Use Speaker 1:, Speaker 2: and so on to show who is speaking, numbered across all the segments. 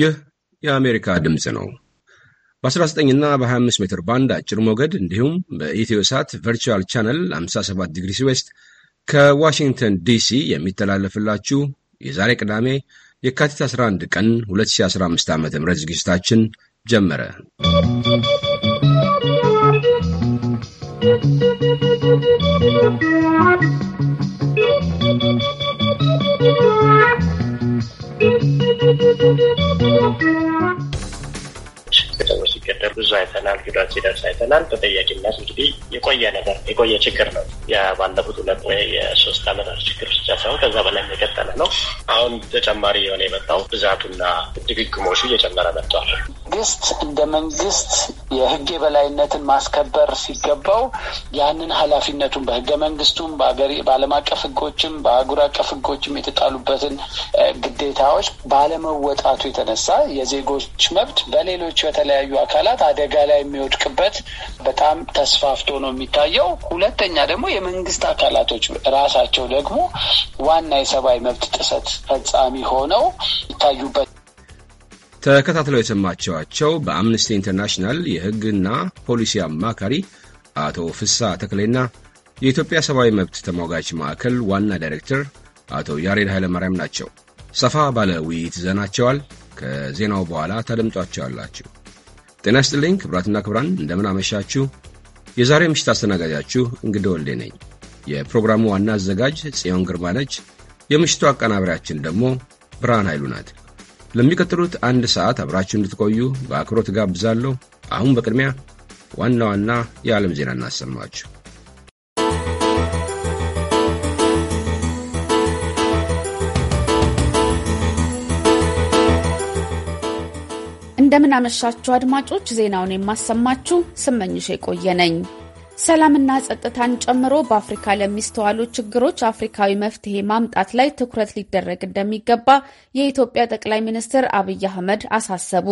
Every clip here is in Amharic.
Speaker 1: ይህ የአሜሪካ ድምፅ ነው። በ19 እና በ25 ሜትር ባንድ አጭር ሞገድ እንዲሁም በኢትዮ ሳት ቨርቹዋል ቻነል 57 ዲግሪ ዌስት ከዋሽንግተን ዲሲ የሚተላለፍላችሁ የዛሬ ቅዳሜ የካቲት 11 ቀን 2015 ዓ ም ዝግጅታችን ጀመረ።
Speaker 2: ¶¶
Speaker 3: ነገር ብዙ አይተናል። ጉዳት ሲደርስ አይተናል። ተጠያቂነት እንግዲህ የቆየ ነገር የቆየ ችግር ነው። ባለፉት ሁለት ወይ የሶስት አመታት ችግር ብቻ ሳይሆን ከዛ በላይ የቀጠለ ነው። አሁን ተጨማሪ የሆነ የመጣው ብዛቱና ድግግሞሹ እየጨመረ መጥቷል።
Speaker 4: መንግስት እንደ መንግስት የህግ የበላይነትን ማስከበር ሲገባው ያንን ኃላፊነቱን በህገ መንግስቱም በዓለም አቀፍ ህጎችም በአህጉር አቀፍ ህጎችም የተጣሉበትን ግዴታዎች ባለመወጣቱ የተነሳ የዜጎች መብት በሌሎች በተለያዩ አካላት ስርዓት አደጋ ላይ የሚወድቅበት በጣም ተስፋፍቶ ነው የሚታየው። ሁለተኛ ደግሞ የመንግስት አካላቶች ራሳቸው ደግሞ ዋና የሰብአዊ መብት ጥሰት ፈጻሚ ሆነው ይታዩበት።
Speaker 1: ተከታትለው የሰማችኋቸው በአምነስቲ ኢንተርናሽናል የህግና ፖሊሲ አማካሪ አቶ ፍሳ ተክሌና የኢትዮጵያ ሰብአዊ መብት ተሟጋች ማዕከል ዋና ዳይሬክተር አቶ ያሬድ ኃይለማርያም ናቸው። ሰፋ ባለ ውይይት ይዘናቸዋል። ከዜናው በኋላ ታደምጧቸዋላችሁ። ጤና ይስጥልኝ ክብራትና ክብራን፣ እንደምን አመሻችሁ። የዛሬ ምሽት አስተናጋጃችሁ እንግዳ ወልዴ ነኝ። የፕሮግራሙ ዋና አዘጋጅ ጽዮን ግርማ ነች። የምሽቱ አቀናበሪያችን ደግሞ ብርሃን ኃይሉ ናት። ለሚቀጥሉት አንድ ሰዓት አብራችሁ እንድትቆዩ በአክብሮት ጋብዛለሁ። አሁን በቅድሚያ ዋና ዋና የዓለም ዜና እናሰማችሁ።
Speaker 5: እንደምን አመሻችሁ አድማጮች። ዜናውን የማሰማችሁ ስመኝሽ የቆየ ነኝ። ሰላምና ጸጥታን ጨምሮ በአፍሪካ ለሚስተዋሉ ችግሮች አፍሪካዊ መፍትሄ ማምጣት ላይ ትኩረት ሊደረግ እንደሚገባ የኢትዮጵያ ጠቅላይ ሚኒስትር አብይ አህመድ አሳሰቡ።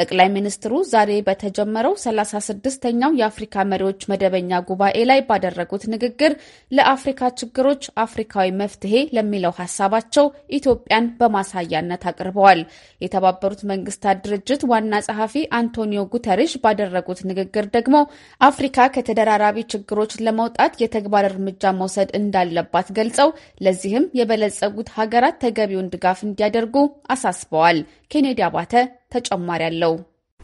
Speaker 5: ጠቅላይ ሚኒስትሩ ዛሬ በተጀመረው 36ኛው የአፍሪካ መሪዎች መደበኛ ጉባኤ ላይ ባደረጉት ንግግር ለአፍሪካ ችግሮች አፍሪካዊ መፍትሄ ለሚለው ሀሳባቸው ኢትዮጵያን በማሳያነት አቅርበዋል። የተባበሩት መንግስታት ድርጅት ዋና ጸሐፊ አንቶኒዮ ጉተሪሽ ባደረጉት ንግግር ደግሞ አፍሪካ ከተደራራ አቅራቢ ችግሮች ለመውጣት የተግባር እርምጃ መውሰድ እንዳለባት ገልጸው ለዚህም የበለጸጉት ሀገራት ተገቢውን ድጋፍ እንዲያደርጉ አሳስበዋል። ኬኔዲ አባተ ተጨማሪ አለው።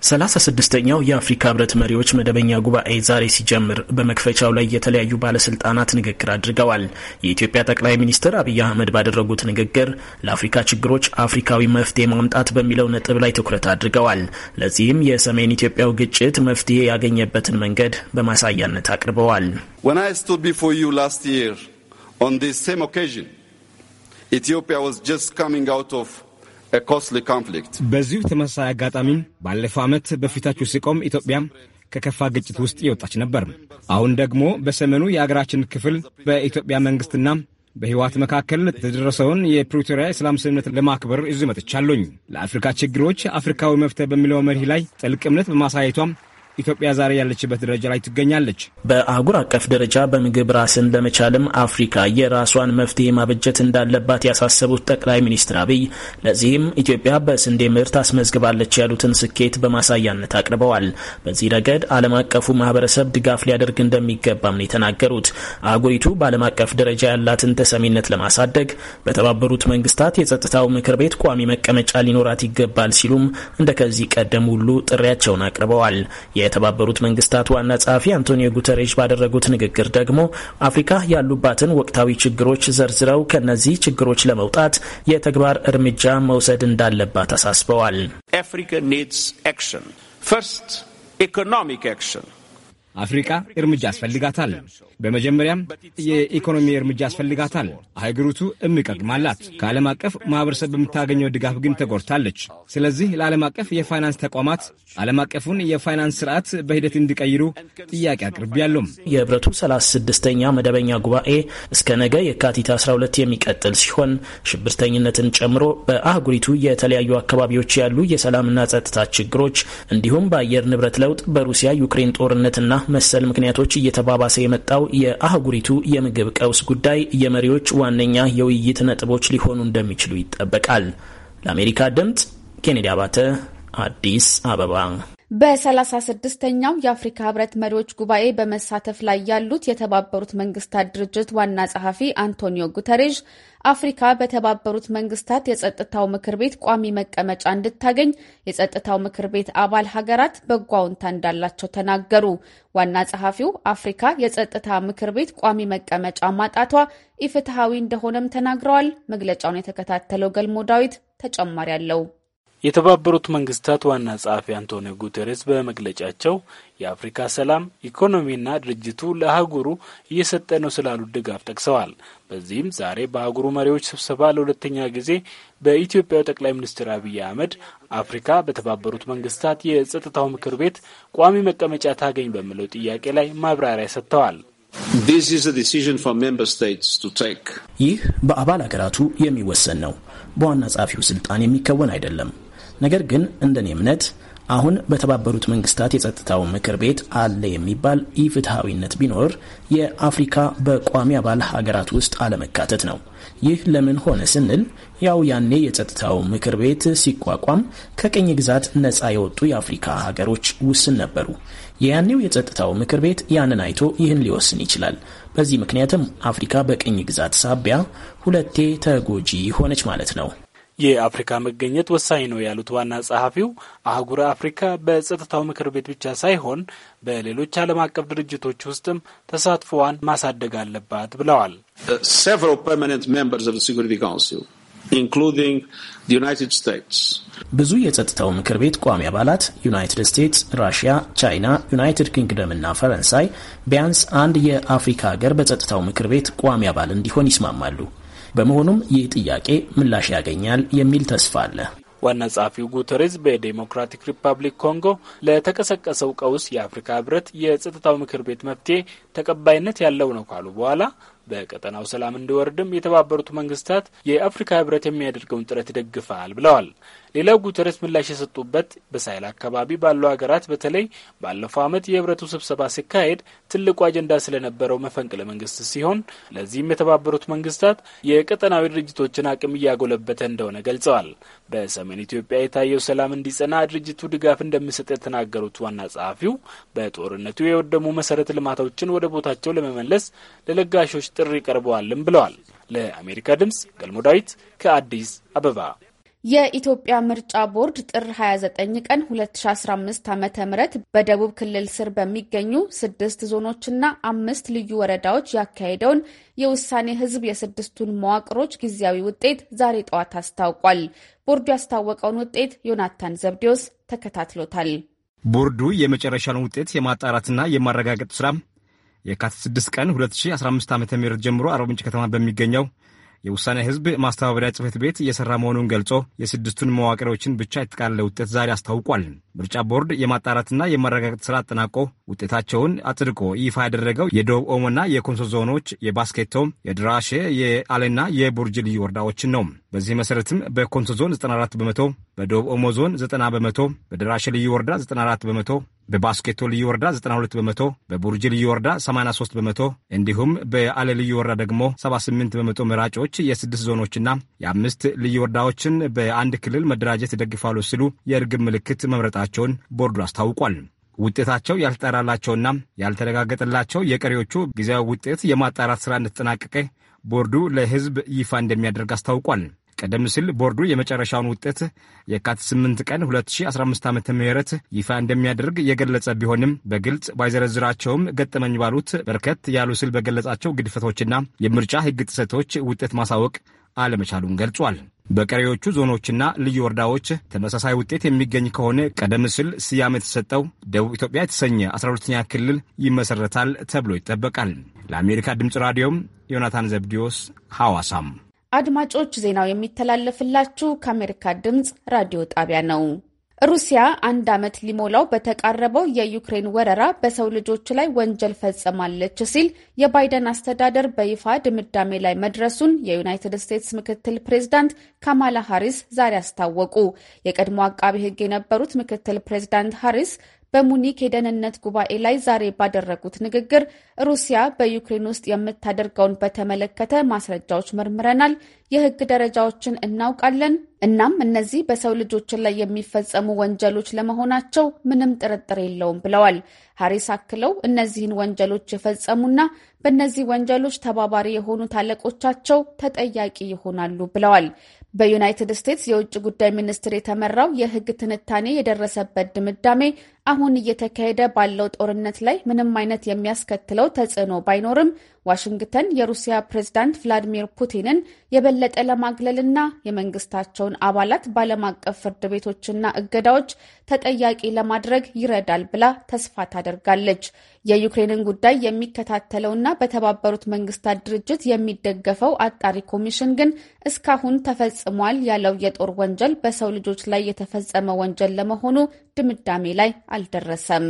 Speaker 2: ሰላሳ ስድስተኛው የአፍሪካ ህብረት መሪዎች መደበኛ ጉባኤ ዛሬ ሲጀምር በመክፈቻው ላይ የተለያዩ ባለስልጣናት ንግግር አድርገዋል። የኢትዮጵያ ጠቅላይ ሚኒስትር አብይ አህመድ ባደረጉት ንግግር ለአፍሪካ ችግሮች አፍሪካዊ መፍትሄ ማምጣት በሚለው ነጥብ ላይ ትኩረት አድርገዋል። ለዚህም የሰሜን ኢትዮጵያው ግጭት መፍትሄ ያገኘበትን መንገድ በማሳያነት አቅርበዋል።
Speaker 6: When I stood before you last year on this same occasion, Ethiopia was just coming out of
Speaker 7: በዚሁ ተመሳሳይ አጋጣሚ ባለፈው ዓመት በፊታችሁ ሲቆም ኢትዮጵያ ከከፋ ግጭት ውስጥ የወጣች ነበር። አሁን ደግሞ በሰሜኑ የአገራችን ክፍል በኢትዮጵያ መንግሥትና በህወሓት መካከል የተደረሰውን የፕሪቶሪያ የሰላም ስምምነት ለማክበር እዙ መጥቻለሁኝ። ለአፍሪካ ችግሮች አፍሪካዊ መፍትሄ በሚለው መርህ ላይ ጥልቅ እምነት በማሳየቷም ኢትዮጵያ ዛሬ ያለችበት
Speaker 2: ደረጃ ላይ ትገኛለች። በአህጉር አቀፍ ደረጃ በምግብ ራስን ለመቻልም አፍሪካ የራሷን መፍትሄ ማበጀት እንዳለባት ያሳሰቡት ጠቅላይ ሚኒስትር አብይ ለዚህም ኢትዮጵያ በስንዴ ምርት አስመዝግባለች ያሉትን ስኬት በማሳያነት አቅርበዋል። በዚህ ረገድ ዓለም አቀፉ ማህበረሰብ ድጋፍ ሊያደርግ እንደሚገባም ነው የተናገሩት። አህጉሪቱ በዓለም አቀፍ ደረጃ ያላትን ተሰሚነት ለማሳደግ በተባበሩት መንግስታት የጸጥታው ምክር ቤት ቋሚ መቀመጫ ሊኖራት ይገባል ሲሉም እንደከዚህ ቀደም ሁሉ ጥሪያቸውን አቅርበዋል። የተባበሩት መንግስታት ዋና ጸሐፊ አንቶኒዮ ጉተሬሽ ባደረጉት ንግግር ደግሞ አፍሪካ ያሉባትን ወቅታዊ ችግሮች ዘርዝረው ከነዚህ ችግሮች ለመውጣት የተግባር እርምጃ መውሰድ እንዳለባት
Speaker 8: አሳስበዋል።
Speaker 7: አፍሪካ እርምጃ ያስፈልጋታል። በመጀመሪያም የኢኮኖሚ እርምጃ ያስፈልጋታል። አህጉሪቱ እምቀድም አላት። ከዓለም አቀፍ ማህበረሰብ በምታገኘው ድጋፍ ግን ተጎድታለች። ስለዚህ ለዓለም አቀፍ የፋይናንስ ተቋማት ዓለም አቀፉን የፋይናንስ ስርዓት በሂደት እንዲቀይሩ
Speaker 2: ጥያቄ አቅርቤያለሁ። የህብረቱ 36ኛ መደበኛ ጉባኤ እስከ ነገ የካቲት 12 የሚቀጥል ሲሆን ሽብርተኝነትን ጨምሮ በአህጉሪቱ የተለያዩ አካባቢዎች ያሉ የሰላምና ጸጥታ ችግሮች እንዲሁም በአየር ንብረት ለውጥ፣ በሩሲያ ዩክሬን ጦርነትና መሰል ምክንያቶች እየተባባሰ የመጣው የሚመጣው የአህጉሪቱ የምግብ ቀውስ ጉዳይ የመሪዎች ዋነኛ የውይይት ነጥቦች ሊሆኑ እንደሚችሉ ይጠበቃል። ለአሜሪካ ድምፅ ኬኔዲ አባተ አዲስ አበባ
Speaker 5: በ36ድስተኛው የአፍሪካ ህብረት መሪዎች ጉባኤ በመሳተፍ ላይ ያሉት የተባበሩት መንግስታት ድርጅት ዋና ጸሐፊ አንቶኒዮ ጉተሬዥ አፍሪካ በተባበሩት መንግስታት የጸጥታው ምክር ቤት ቋሚ መቀመጫ እንድታገኝ የጸጥታው ምክር ቤት አባል ሀገራት በጎ አዎንታ እንዳላቸው ተናገሩ። ዋና ጸሐፊው አፍሪካ የጸጥታ ምክር ቤት ቋሚ መቀመጫ ማጣቷ ኢፍትሐዊ እንደሆነም ተናግረዋል። መግለጫውን የተከታተለው ገልሞ ዳዊት ተጨማሪ አለው።
Speaker 8: የተባበሩት መንግስታት ዋና ጸሐፊ አንቶኒዮ ጉቴሬስ በመግለጫቸው የአፍሪካ ሰላም፣ ኢኮኖሚና ድርጅቱ ለአህጉሩ እየሰጠ ነው ስላሉት ድጋፍ ጠቅሰዋል። በዚህም ዛሬ በአህጉሩ መሪዎች ስብሰባ ለሁለተኛ ጊዜ በኢትዮጵያው ጠቅላይ ሚኒስትር አብይ አህመድ አፍሪካ በተባበሩት መንግስታት የጸጥታው ምክር ቤት ቋሚ መቀመጫ ታገኝ በሚለው ጥያቄ ላይ ማብራሪያ ሰጥተዋል።
Speaker 2: ይህ በአባል አገራቱ የሚወሰን ነው። በዋና ጸሐፊው ስልጣን የሚከወን አይደለም። ነገር ግን እንደኔ እምነት አሁን በተባበሩት መንግስታት የጸጥታው ምክር ቤት አለ የሚባል ኢፍትሐዊነት ቢኖር የአፍሪካ በቋሚ አባል ሀገራት ውስጥ አለመካተት ነው። ይህ ለምን ሆነ ስንል ያው ያኔ የጸጥታው ምክር ቤት ሲቋቋም ከቅኝ ግዛት ነጻ የወጡ የአፍሪካ ሀገሮች ውስን ነበሩ። የያኔው የጸጥታው ምክር ቤት ያንን አይቶ ይህን ሊወስን ይችላል። በዚህ ምክንያትም አፍሪካ በቅኝ ግዛት ሳቢያ ሁለቴ ተጎጂ ሆነች ማለት ነው።
Speaker 8: የአፍሪካ መገኘት ወሳኝ ነው ያሉት ዋና ጸሐፊው አህጉረ አፍሪካ በጸጥታው ምክር ቤት ብቻ ሳይሆን በሌሎች ዓለም አቀፍ ድርጅቶች ውስጥም ተሳትፎዋን ማሳደግ አለባት ብለዋል። uh,
Speaker 2: ብዙ የጸጥታው ምክር ቤት ቋሚ አባላት ዩናይትድ ስቴትስ፣ ራሽያ፣ ቻይና፣ ዩናይትድ ኪንግደም እና ፈረንሳይ ቢያንስ አንድ የአፍሪካ ሀገር በጸጥታው ምክር ቤት ቋሚ አባል እንዲሆን ይስማማሉ። በመሆኑም ይህ ጥያቄ ምላሽ ያገኛል የሚል ተስፋ አለ።
Speaker 8: ዋና ጸሐፊው ጉተሬዝ በዴሞክራቲክ ሪፐብሊክ ኮንጎ ለተቀሰቀሰው ቀውስ የአፍሪካ ህብረት የጸጥታው ምክር ቤት መፍትሄ ተቀባይነት ያለው ነው ካሉ በኋላ በቀጠናው ሰላም እንዲወርድም የተባበሩት መንግስታት የአፍሪካ ህብረት የሚያደርገውን ጥረት ይደግፋል ብለዋል። ሌላው ጉተረስ ምላሽ የሰጡበት በሳህል አካባቢ ባሉ ሀገራት በተለይ ባለፈው ዓመት የህብረቱ ስብሰባ ሲካሄድ ትልቁ አጀንዳ ስለነበረው መፈንቅለ መንግስት ሲሆን ለዚህም የተባበሩት መንግስታት የቀጠናዊ ድርጅቶችን አቅም እያጎለበተ እንደሆነ ገልጸዋል። በሰሜን ኢትዮጵያ የታየው ሰላም እንዲጸና ድርጅቱ ድጋፍ እንደሚሰጥ የተናገሩት ዋና ጸሐፊው በጦርነቱ የወደሙ መሰረተ ልማቶችን ወደ ቦታቸው ለመመለስ ለለጋሾች ጥሪ ቀርበዋልም ብለዋል። ለአሜሪካ ድምጽ ገልሞ ዳዊት ከአዲስ አበባ
Speaker 5: የኢትዮጵያ ምርጫ ቦርድ ጥር 29 ቀን 2015 ዓ ም በደቡብ ክልል ስር በሚገኙ ስድስት ዞኖችና አምስት ልዩ ወረዳዎች ያካሄደውን የውሳኔ ህዝብ የስድስቱን መዋቅሮች ጊዜያዊ ውጤት ዛሬ ጠዋት አስታውቋል። ቦርዱ ያስታወቀውን ውጤት ዮናታን ዘብዴዎስ ተከታትሎታል።
Speaker 7: ቦርዱ የመጨረሻውን ውጤት የማጣራትና የማረጋገጥ ስራ የካቲት 6 ቀን 2015 ዓ ም ጀምሮ አርባ ምንጭ ከተማ በሚገኘው የውሳኔ ህዝብ ማስተባበሪያ ጽህፈት ቤት እየሰራ መሆኑን ገልጾ የስድስቱን መዋቅሮችን ብቻ የተቃለለ ውጤት ዛሬ አስታውቋል። ምርጫ ቦርድ የማጣራትና የማረጋገጥ ስራ አጠናቆ ውጤታቸውን አጽድቆ ይፋ ያደረገው የደቡብ ኦሞና የኮንሶ ዞኖች የባስኬቶ፣ የድራሼ፣ የአሌና የቡርጅ ልዩ ወረዳዎችን ነው። በዚህ መሰረትም በኮንሶ ዞን 94 በመቶ፣ በደቡብ ኦሞ ዞን 90 በመቶ፣ በድራሼ ልዩ ወረዳ 94 በመቶ በባስኬቶ ልዩ ወረዳ 92 በመቶ፣ በቡርጅ ልዩ ወረዳ 83 በመቶ እንዲሁም በአለ ልዩ ወረዳ ደግሞ 78 በመቶ መራጮች የስድስት ዞኖችና የአምስት ልዩ ወረዳዎችን በአንድ ክልል መደራጀት ይደግፋሉ ሲሉ የእርግብ ምልክት መምረጣቸውን ቦርዱ አስታውቋል። ውጤታቸው ያልተጠራላቸውና ያልተረጋገጠላቸው የቀሪዎቹ ጊዜያዊ ውጤት የማጣራት ሥራ እንደተጠናቀቀ ቦርዱ ለሕዝብ ይፋ እንደሚያደርግ አስታውቋል። ቀደም ሲል ቦርዱ የመጨረሻውን ውጤት የካቲት 8 ቀን 2015 ዓ ም ይፋ እንደሚያደርግ የገለጸ ቢሆንም በግልጽ ባይዘረዝራቸውም ገጠመኝ ባሉት በርከት ያሉ ሲል በገለጻቸው ግድፈቶችና የምርጫ ሕግ ጥሰቶች ውጤት ማሳወቅ አለመቻሉን ገልጿል። በቀሪዎቹ ዞኖችና ልዩ ወረዳዎች ተመሳሳይ ውጤት የሚገኝ ከሆነ ቀደም ሲል ስያሜ የተሰጠው ደቡብ ኢትዮጵያ የተሰኘ 12ኛ ክልል ይመሰረታል ተብሎ ይጠበቃል። ለአሜሪካ ድምፅ ራዲዮም ዮናታን ዘብዲዮስ ሐዋሳም
Speaker 5: አድማጮች ዜናው የሚተላለፍላችሁ ከአሜሪካ ድምፅ ራዲዮ ጣቢያ ነው። ሩሲያ አንድ ዓመት ሊሞላው በተቃረበው የዩክሬን ወረራ በሰው ልጆች ላይ ወንጀል ፈጽማለች ሲል የባይደን አስተዳደር በይፋ ድምዳሜ ላይ መድረሱን የዩናይትድ ስቴትስ ምክትል ፕሬዝዳንት ካማላ ሃሪስ ዛሬ አስታወቁ። የቀድሞ አቃቢ ሕግ የነበሩት ምክትል ፕሬዝዳንት ሃሪስ በሙኒክ የደህንነት ጉባኤ ላይ ዛሬ ባደረጉት ንግግር ሩሲያ በዩክሬን ውስጥ የምታደርገውን በተመለከተ ማስረጃዎች መርምረናል፣ የህግ ደረጃዎችን እናውቃለን። እናም እነዚህ በሰው ልጆች ላይ የሚፈጸሙ ወንጀሎች ለመሆናቸው ምንም ጥርጥር የለውም ብለዋል። ሀሪስ አክለው እነዚህን ወንጀሎች የፈጸሙና በእነዚህ ወንጀሎች ተባባሪ የሆኑት አለቆቻቸው ተጠያቂ ይሆናሉ ብለዋል። በዩናይትድ ስቴትስ የውጭ ጉዳይ ሚኒስትር የተመራው የህግ ትንታኔ የደረሰበት ድምዳሜ አሁን እየተካሄደ ባለው ጦርነት ላይ ምንም አይነት የሚያስከትለው ተጽዕኖ ባይኖርም ዋሽንግተን የሩሲያ ፕሬዝዳንት ቭላዲሚር ፑቲንን የበለጠ ለማግለልና የመንግስታቸውን አባላት በዓለም አቀፍ ፍርድ ቤቶችና እገዳዎች ተጠያቂ ለማድረግ ይረዳል ብላ ተስፋ ታደርጋለች። የዩክሬንን ጉዳይ የሚከታተለውና በተባበሩት መንግስታት ድርጅት የሚደገፈው አጣሪ ኮሚሽን ግን እስካሁን ተፈጽሟል ያለው የጦር ወንጀል በሰው ልጆች ላይ የተፈጸመ ወንጀል ለመሆኑ ድምዳሜ ላይ አልደረሰም።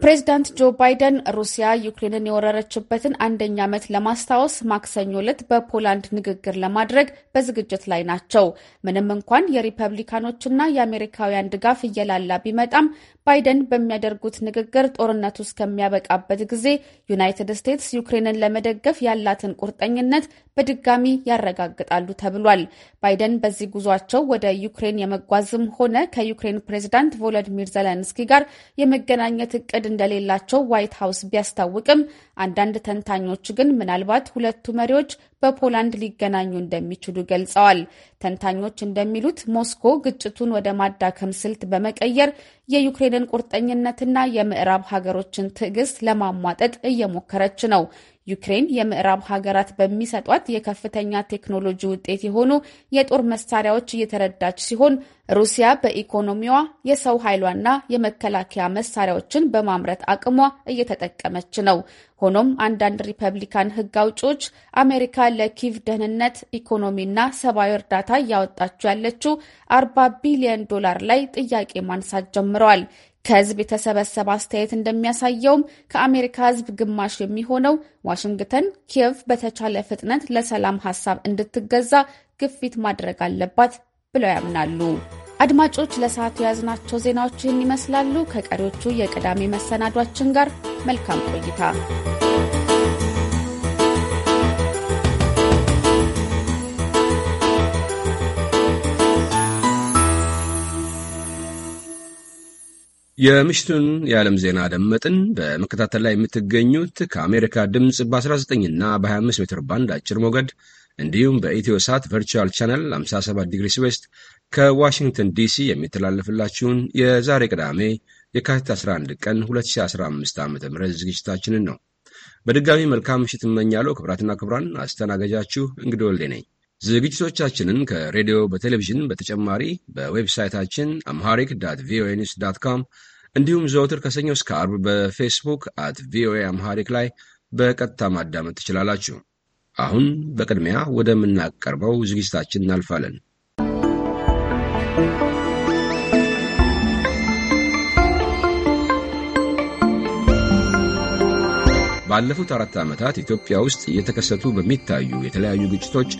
Speaker 5: ፕሬዚዳንት ጆ ባይደን ሩሲያ ዩክሬንን የወረረችበትን አንደኛ ዓመት ለማስታወስ ማክሰኞ ዕለት በፖላንድ ንግግር ለማድረግ በዝግጅት ላይ ናቸው። ምንም እንኳን የሪፐብሊካኖችና የአሜሪካውያን ድጋፍ እየላላ ቢመጣም ባይደን በሚያደርጉት ንግግር ጦርነቱ እስከሚያበቃበት ጊዜ ዩናይትድ ስቴትስ ዩክሬንን ለመደገፍ ያላትን ቁርጠኝነት በድጋሚ ያረጋግጣሉ ተብሏል። ባይደን በዚህ ጉዟቸው ወደ ዩክሬን የመጓዝም ሆነ ከዩክሬን ፕሬዚዳንት ቮሎዲሚር ዘለንስኪ ጋር የመገናኘት እቅድ እቅድ እንደሌላቸው ዋይት ሀውስ ቢያስታውቅም አንዳንድ ተንታኞች ግን ምናልባት ሁለቱ መሪዎች በፖላንድ ሊገናኙ እንደሚችሉ ገልጸዋል። ተንታኞች እንደሚሉት ሞስኮ ግጭቱን ወደ ማዳከም ስልት በመቀየር የዩክሬንን ቁርጠኝነትና የምዕራብ ሀገሮችን ትዕግስት ለማሟጠጥ እየሞከረች ነው። ዩክሬን የምዕራብ ሀገራት በሚሰጧት የከፍተኛ ቴክኖሎጂ ውጤት የሆኑ የጦር መሳሪያዎች እየተረዳች ሲሆን ሩሲያ በኢኮኖሚዋ የሰው ኃይሏና የመከላከያ መሳሪያዎችን በማምረት አቅሟ እየተጠቀመች ነው። ሆኖም አንዳንድ ሪፐብሊካን ሕግ አውጪዎች አሜሪካ ለኪቭ ደህንነት፣ ኢኮኖሚና ሰብአዊ እርዳታ እያወጣችው ያለችው አርባ ቢሊዮን ዶላር ላይ ጥያቄ ማንሳት ጀምረዋል። ከህዝብ የተሰበሰበ አስተያየት እንደሚያሳየውም ከአሜሪካ ህዝብ ግማሽ የሚሆነው ዋሽንግተን ኪየቭ በተቻለ ፍጥነት ለሰላም ሀሳብ እንድትገዛ ግፊት ማድረግ አለባት ብለው ያምናሉ። አድማጮች፣ ለሰዓቱ የያዝናቸው ዜናዎች ይህን ይመስላሉ። ከቀሪዎቹ የቅዳሜ መሰናዷችን ጋር መልካም ቆይታ
Speaker 1: የምሽቱን የዓለም ዜና ደመጥን። በመከታተል ላይ የምትገኙት ከአሜሪካ ድምፅ በ19 እና በ25 ሜትር ባንድ አጭር ሞገድ እንዲሁም በኢትዮ ሳት ቨርቹዋል ቻነል 57 ዲግሪ ስዌስት ከዋሽንግተን ዲሲ የሚተላለፍላችሁን የዛሬ ቅዳሜ የካቲት 11 ቀን 2015 ዓ ም ዝግጅታችንን ነው። በድጋሚ መልካም ምሽት እመኛለሁ። ክብራትና ክብራን አስተናጋጃችሁ እንግዲህ ወልዴ ነኝ። ዝግጅቶቻችንን ከሬዲዮ በቴሌቪዥን በተጨማሪ በዌብሳይታችን አምሃሪክ ዳት ቪኦኤ ኒውስ ዳት ካም እንዲሁም ዘወትር ከሰኞ እስከ አርብ በፌስቡክ አት ቪኦኤ አምሃሪክ ላይ በቀጥታ ማዳመጥ ትችላላችሁ። አሁን በቅድሚያ ወደምናቀርበው ዝግጅታችን እናልፋለን። ባለፉት አራት ዓመታት ኢትዮጵያ ውስጥ እየተከሰቱ በሚታዩ የተለያዩ ግጭቶች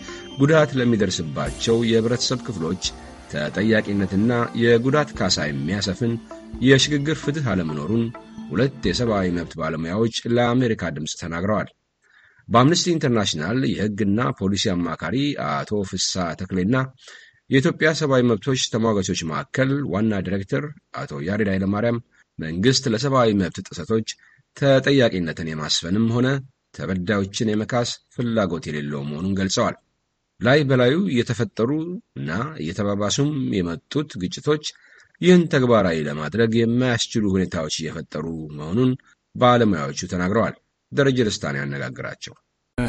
Speaker 1: ጉዳት ለሚደርስባቸው የህብረተሰብ ክፍሎች ተጠያቂነትና የጉዳት ካሳ የሚያሰፍን የሽግግር ፍትሕ አለመኖሩን ሁለት የሰብአዊ መብት ባለሙያዎች ለአሜሪካ ድምፅ ተናግረዋል። በአምነስቲ ኢንተርናሽናል የህግና ፖሊሲ አማካሪ አቶ ፍሳ ተክሌና የኢትዮጵያ ሰብአዊ መብቶች ተሟጋቾች ማዕከል ዋና ዲሬክተር አቶ ያሬድ ኃይለማርያም መንግሥት ለሰብአዊ መብት ጥሰቶች ተጠያቂነትን የማስፈንም ሆነ ተበዳዮችን የመካስ ፍላጎት የሌለው መሆኑን ገልጸዋል። ላይ በላዩ እየተፈጠሩ እና እየተባባሱም የመጡት ግጭቶች ይህን ተግባራዊ ለማድረግ የማያስችሉ ሁኔታዎች እየፈጠሩ መሆኑን ባለሙያዎቹ ተናግረዋል። ደረጀ ደስታን ያነጋግራቸው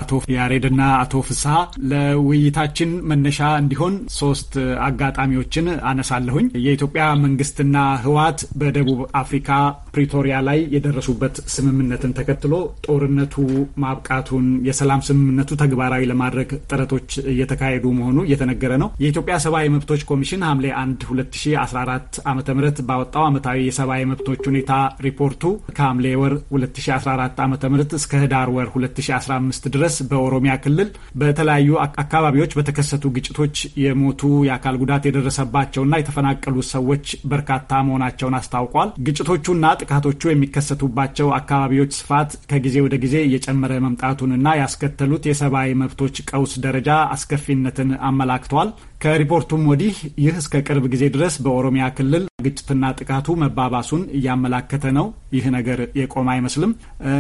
Speaker 9: አቶ ያሬድና አቶ ፍስሀ ለውይይታችን መነሻ እንዲሆን ሶስት አጋጣሚዎችን አነሳለሁኝ። የኢትዮጵያ መንግስትና ህወሓት በደቡብ አፍሪካ ፕሪቶሪያ ላይ የደረሱበት ስምምነትን ተከትሎ ጦርነቱ ማብቃቱን የሰላም ስምምነቱ ተግባራዊ ለማድረግ ጥረቶች እየተካሄዱ መሆኑ እየተነገረ ነው። የኢትዮጵያ ሰብአዊ መብቶች ኮሚሽን ሐምሌ 1 2014 ዓ ም ባወጣው ዓመታዊ የሰብአዊ መብቶች ሁኔታ ሪፖርቱ ከሐምሌ ወር 2014 ዓ ም እስከ ህዳር ወር 2015 ድረስ ድረስ በኦሮሚያ ክልል በተለያዩ አካባቢዎች በተከሰቱ ግጭቶች የሞቱ የአካል ጉዳት የደረሰባቸውና የተፈናቀሉ ሰዎች በርካታ መሆናቸውን አስታውቋል። ግጭቶቹና ጥቃቶቹ የሚከሰቱባቸው አካባቢዎች ስፋት ከጊዜ ወደ ጊዜ እየጨመረ መምጣቱንና ያስከተሉት የሰብአዊ መብቶች ቀውስ ደረጃ አስከፊነትን አመላክቷል። ከሪፖርቱም ወዲህ ይህ እስከ ቅርብ ጊዜ ድረስ በኦሮሚያ ክልል ግጭትና ጥቃቱ መባባሱን እያመላከተ ነው። ይህ ነገር የቆመ አይመስልም።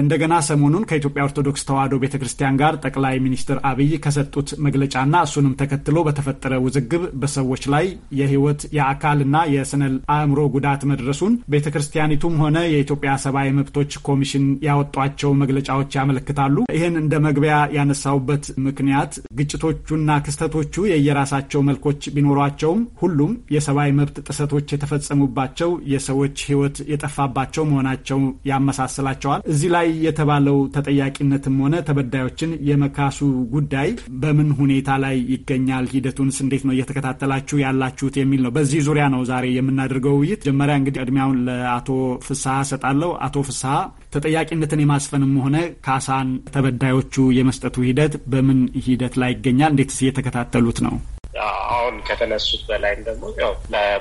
Speaker 9: እንደገና ሰሞኑን ከኢትዮጵያ ኦርቶዶክስ ተዋሕዶ ቤተ ክርስቲያን ጋር ጠቅላይ ሚኒስትር አብይ ከሰጡት መግለጫና እሱንም ተከትሎ በተፈጠረ ውዝግብ በሰዎች ላይ የህይወት የአካልና የስነ አእምሮ ጉዳት መድረሱን ቤተ ክርስቲያኒቱም ሆነ የኢትዮጵያ ሰብአዊ መብቶች ኮሚሽን ያወጧቸው መግለጫዎች ያመለክታሉ። ይህን እንደ መግቢያ ያነሳውበት ምክንያት ግጭቶቹና ክስተቶቹ የየራሳቸው መልኮች ቢኖሯቸውም ሁሉም የሰብአዊ መብት ጥሰቶች የተፈጸሙባቸው የሰዎች ህይወት የጠፋባቸው መሆናቸው ያመሳስላቸዋል። እዚህ ላይ የተባለው ተጠያቂነትም ሆነ ተበዳዮችን የመካሱ ጉዳይ በምን ሁኔታ ላይ ይገኛል? ሂደቱንስ እንዴት ነው እየተከታተላችሁ ያላችሁት? የሚል ነው። በዚህ ዙሪያ ነው ዛሬ የምናደርገው ውይይት። መጀመሪያ እንግዲህ ቅድሚያውን ለአቶ ፍስሀ ሰጣለሁ። አቶ ፍስሀ ተጠያቂነትን የማስፈንም ሆነ ካሳን ተበዳዮቹ የመስጠቱ ሂደት በምን ሂደት ላይ ይገኛል? እንዴትስ እየተከታተሉት ነው?
Speaker 3: አሁን ከተነሱት በላይም ደግሞ ያው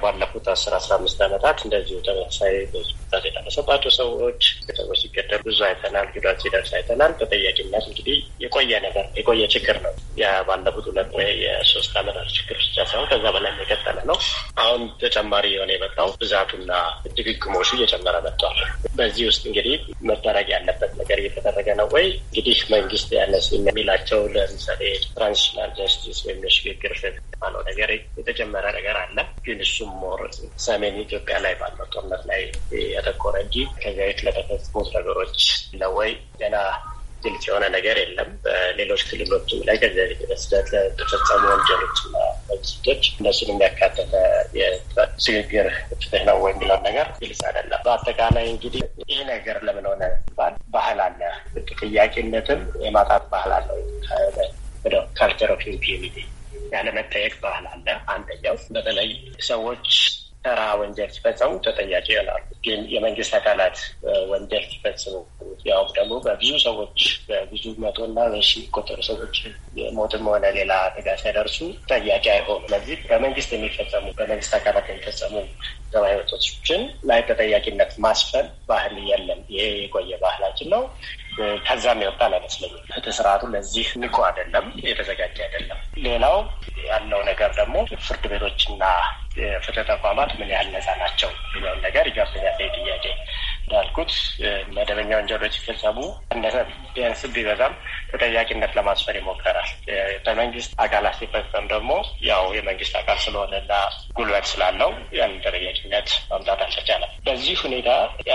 Speaker 3: ባለፉት አስር አስራ አምስት አመታት እንደዚሁ ተመሳሳይ ሆስፒታል የደረሰባቸው ሰዎች ከተሞች ሲገደሉ ብዙ አይተናል። ጉዳት ሲደርስ አይተናል። ተጠያቂነት እንግዲህ የቆየ ነገር የቆየ ችግር ነው። ባለፉት ሁለት ወይ የሶስት አመታት ችግር ብቻ ሳይሆን ከዛ በላይ የቀጠለ ነው። አሁን ተጨማሪ የሆነ የመጣው ብዛቱና ድግግሞሹ እየጨመረ መጥቷል። በዚህ ውስጥ እንግዲህ መደረግ ያለበት ነገር እየተደረገ ነው ወይ እንግዲህ መንግስት ያነስ የሚላቸው ለምሳሌ ትራንዚሽናል ጀስቲስ ወይም የሽግግር ፍት የሚባለው ነገር የተጀመረ ነገር አለ። ግን እሱም ሞር ሰሜን ኢትዮጵያ ላይ ባለው ጦርነት ላይ ያተኮረ እንጂ ከዚያ በፊት ለተፈጸሙት ነገሮች ለወይ ገና ግልጽ የሆነ ነገር የለም። በሌሎች ክልሎችም ላይ ከዚያ በፊት በስደት ለተፈጸሙ ወንጀሎችና ድርጅቶች እነሱን የሚያካተተ የሽግግር ፍትህ ነው ወይ የሚለውን ነገር ግልጽ አይደለም። በአጠቃላይ እንግዲህ ይህ ነገር ለምን ሆነ ባል ባህል አለ ጥያቄነትም የማጣት ባህል አለው ካልቸር ኦፍ ኢምፒዩኒቲ ያለመጠየቅ ባህል አለ። አንደኛው በተለይ ሰዎች ተራ ወንጀል ሲፈጸሙ ተጠያቂ ይሆናሉ። ግን የመንግስት አካላት ወንጀል ሲፈጽሙ ያውም ደግሞ በብዙ ሰዎች በብዙ እና በሺ ቁጥር ሰዎች ሞትም ሆነ ሌላ አደጋ ሲያደርሱ ተጠያቂ አይሆኑም። ስለዚህ በመንግስት የሚፈጸሙ በመንግስት አካላት የሚፈጸሙ ሰብአዊ መብቶችን ላይ ተጠያቂነት ማስፈን ባህል የለም። ይሄ የቆየ ባህላችን ነው። ከዛም የወጣን አይመስለኝም። ፍትህ ስርዓቱ ለዚህ ንቁ አይደለም፣ የተዘጋጀ አይደለም። ሌላው ያለው ነገር ደግሞ ፍርድ ቤቶችና ፍትህ ተቋማት ምን ያህል ነፃ ናቸው የሚለውን ነገር ይጋብዛል ጥያቄ እንዳልኩት መደበኛ ወንጀሎች ሲፈጸሙ ቢያንስ ቢበዛም ተጠያቂነት ለማስፈር ይሞከራል። በመንግስት አካላት ሲፈጸም ደግሞ ያው የመንግስት አካል ስለሆነና ጉልበት ስላለው ያን ተጠያቂነት ማምጣት አልተቻለም። በዚህ ሁኔታ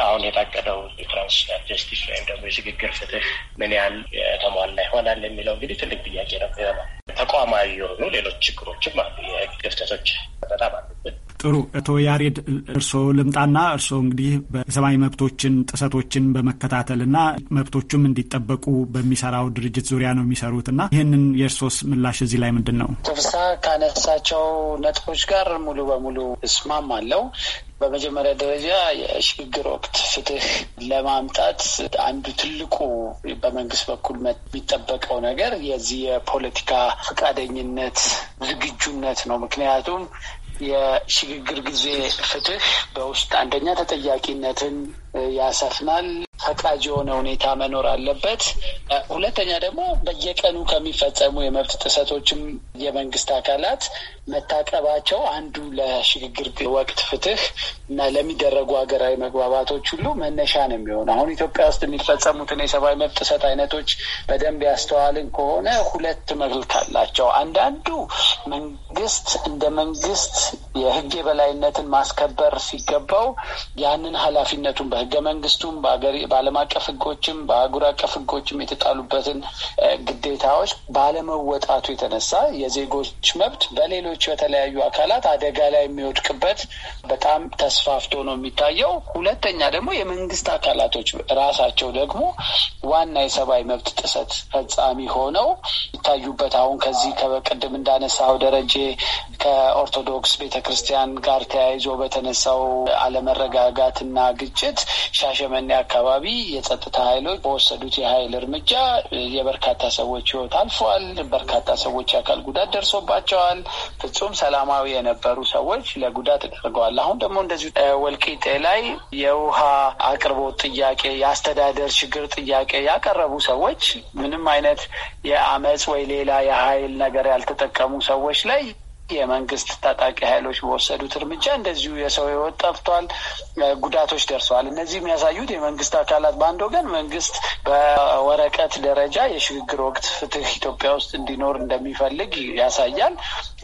Speaker 3: አሁን የታቀደው የትራንዚሽናል ጀስቲስ ወይም ደግሞ የሽግግር ፍትህ ምን ያህል የተሟላ ይሆናል የሚለው እንግዲህ ትልቅ ጥያቄ ነው ይሆናል ተቋማዊ የሆኑ ሌሎች ችግሮችም አሉ። የህግ ክፍተቶች በጣም
Speaker 9: አሉብን። ጥሩ አቶ ያሬድ እርስዎ ልምጣና እርስዎ እንግዲህ በሰብአዊ መብቶችን ጥሰቶችን በመከታተል እና መብቶቹም እንዲጠበቁ በሚሰራው ድርጅት ዙሪያ ነው የሚሰሩት እና ይህንን የእርሶስ ምላሽ እዚህ ላይ ምንድን ነው?
Speaker 4: ትብሳ ካነሳቸው ነጥቦች ጋር ሙሉ በሙሉ እስማም አለው በመጀመሪያ ደረጃ የሽግግር ወቅት ፍትህ ለማምጣት አንዱ ትልቁ በመንግስት በኩል የሚጠበቀው ነገር የዚህ የፖለቲካ ፈቃደኝነት፣ ዝግጁነት ነው። ምክንያቱም የሽግግር ጊዜ ፍትህ በውስጥ አንደኛ ተጠያቂነትን ያሰፍናል። ፈቃጅ የሆነ ሁኔታ መኖር አለበት። ሁለተኛ ደግሞ በየቀኑ ከሚፈጸሙ የመብት ጥሰቶችም የመንግስት አካላት መታቀባቸው አንዱ ለሽግግር ወቅት ፍትህ እና ለሚደረጉ ሀገራዊ መግባባቶች ሁሉ መነሻ ነው የሚሆን። አሁን ኢትዮጵያ ውስጥ የሚፈጸሙትን የሰብአዊ መብት ጥሰት አይነቶች በደንብ ያስተዋልን ከሆነ ሁለት መልክ አላቸው። አንዳንዱ መንግስት እንደ መንግስት የህግ የበላይነትን ማስከበር ሲገባው ያንን ኃላፊነቱን በህገ መንግስቱም በዓለም አቀፍ ህጎችም በአህጉር አቀፍ ህጎችም የተጣሉበትን ግዴታዎች ባለመወጣቱ የተነሳ የዜጎች መብት በሌሎች በተለያዩ አካላት አደጋ ላይ የሚወድቅበት በጣም ተስፋፍቶ ነው የሚታየው። ሁለተኛ ደግሞ የመንግስት አካላቶች ራሳቸው ደግሞ ዋና የሰብአዊ መብት ጥሰት ፈጻሚ ሆነው ይታዩበት አሁን ከዚህ ከበቅድም እንዳነሳው ደረጀ ከኦርቶዶክስ ቤተ ክርስቲያን ጋር ተያይዞ በተነሳው አለመረጋጋትና ግጭት ሻሸመኔ አካባቢ የጸጥታ ኃይሎች በወሰዱት የኃይል እርምጃ የበርካታ ሰዎች ህይወት አልፏል። በርካታ ሰዎች አካል ጉዳት ደርሶባቸዋል። ፍጹም ሰላማዊ የነበሩ ሰዎች ለጉዳት ተደርገዋል። አሁን ደግሞ እንደዚሁ ወልቂጤ ላይ የውሃ አቅርቦት ጥያቄ፣ የአስተዳደር ችግር ጥያቄ ያቀረቡ ሰዎች ምንም አይነት የአመፅ ወይ ሌላ የኃይል ነገር ያልተጠቀሙ ሰዎች ላይ የመንግስት ታጣቂ ኃይሎች በወሰዱት እርምጃ እንደዚሁ የሰው ህይወት ጠፍቷል፣ ጉዳቶች ደርሰዋል። እነዚህ የሚያሳዩት የመንግስት አካላት በአንድ ወገን መንግስት በወረቀት ደረጃ የሽግግር ወቅት ፍትህ ኢትዮጵያ ውስጥ እንዲኖር እንደሚፈልግ ያሳያል።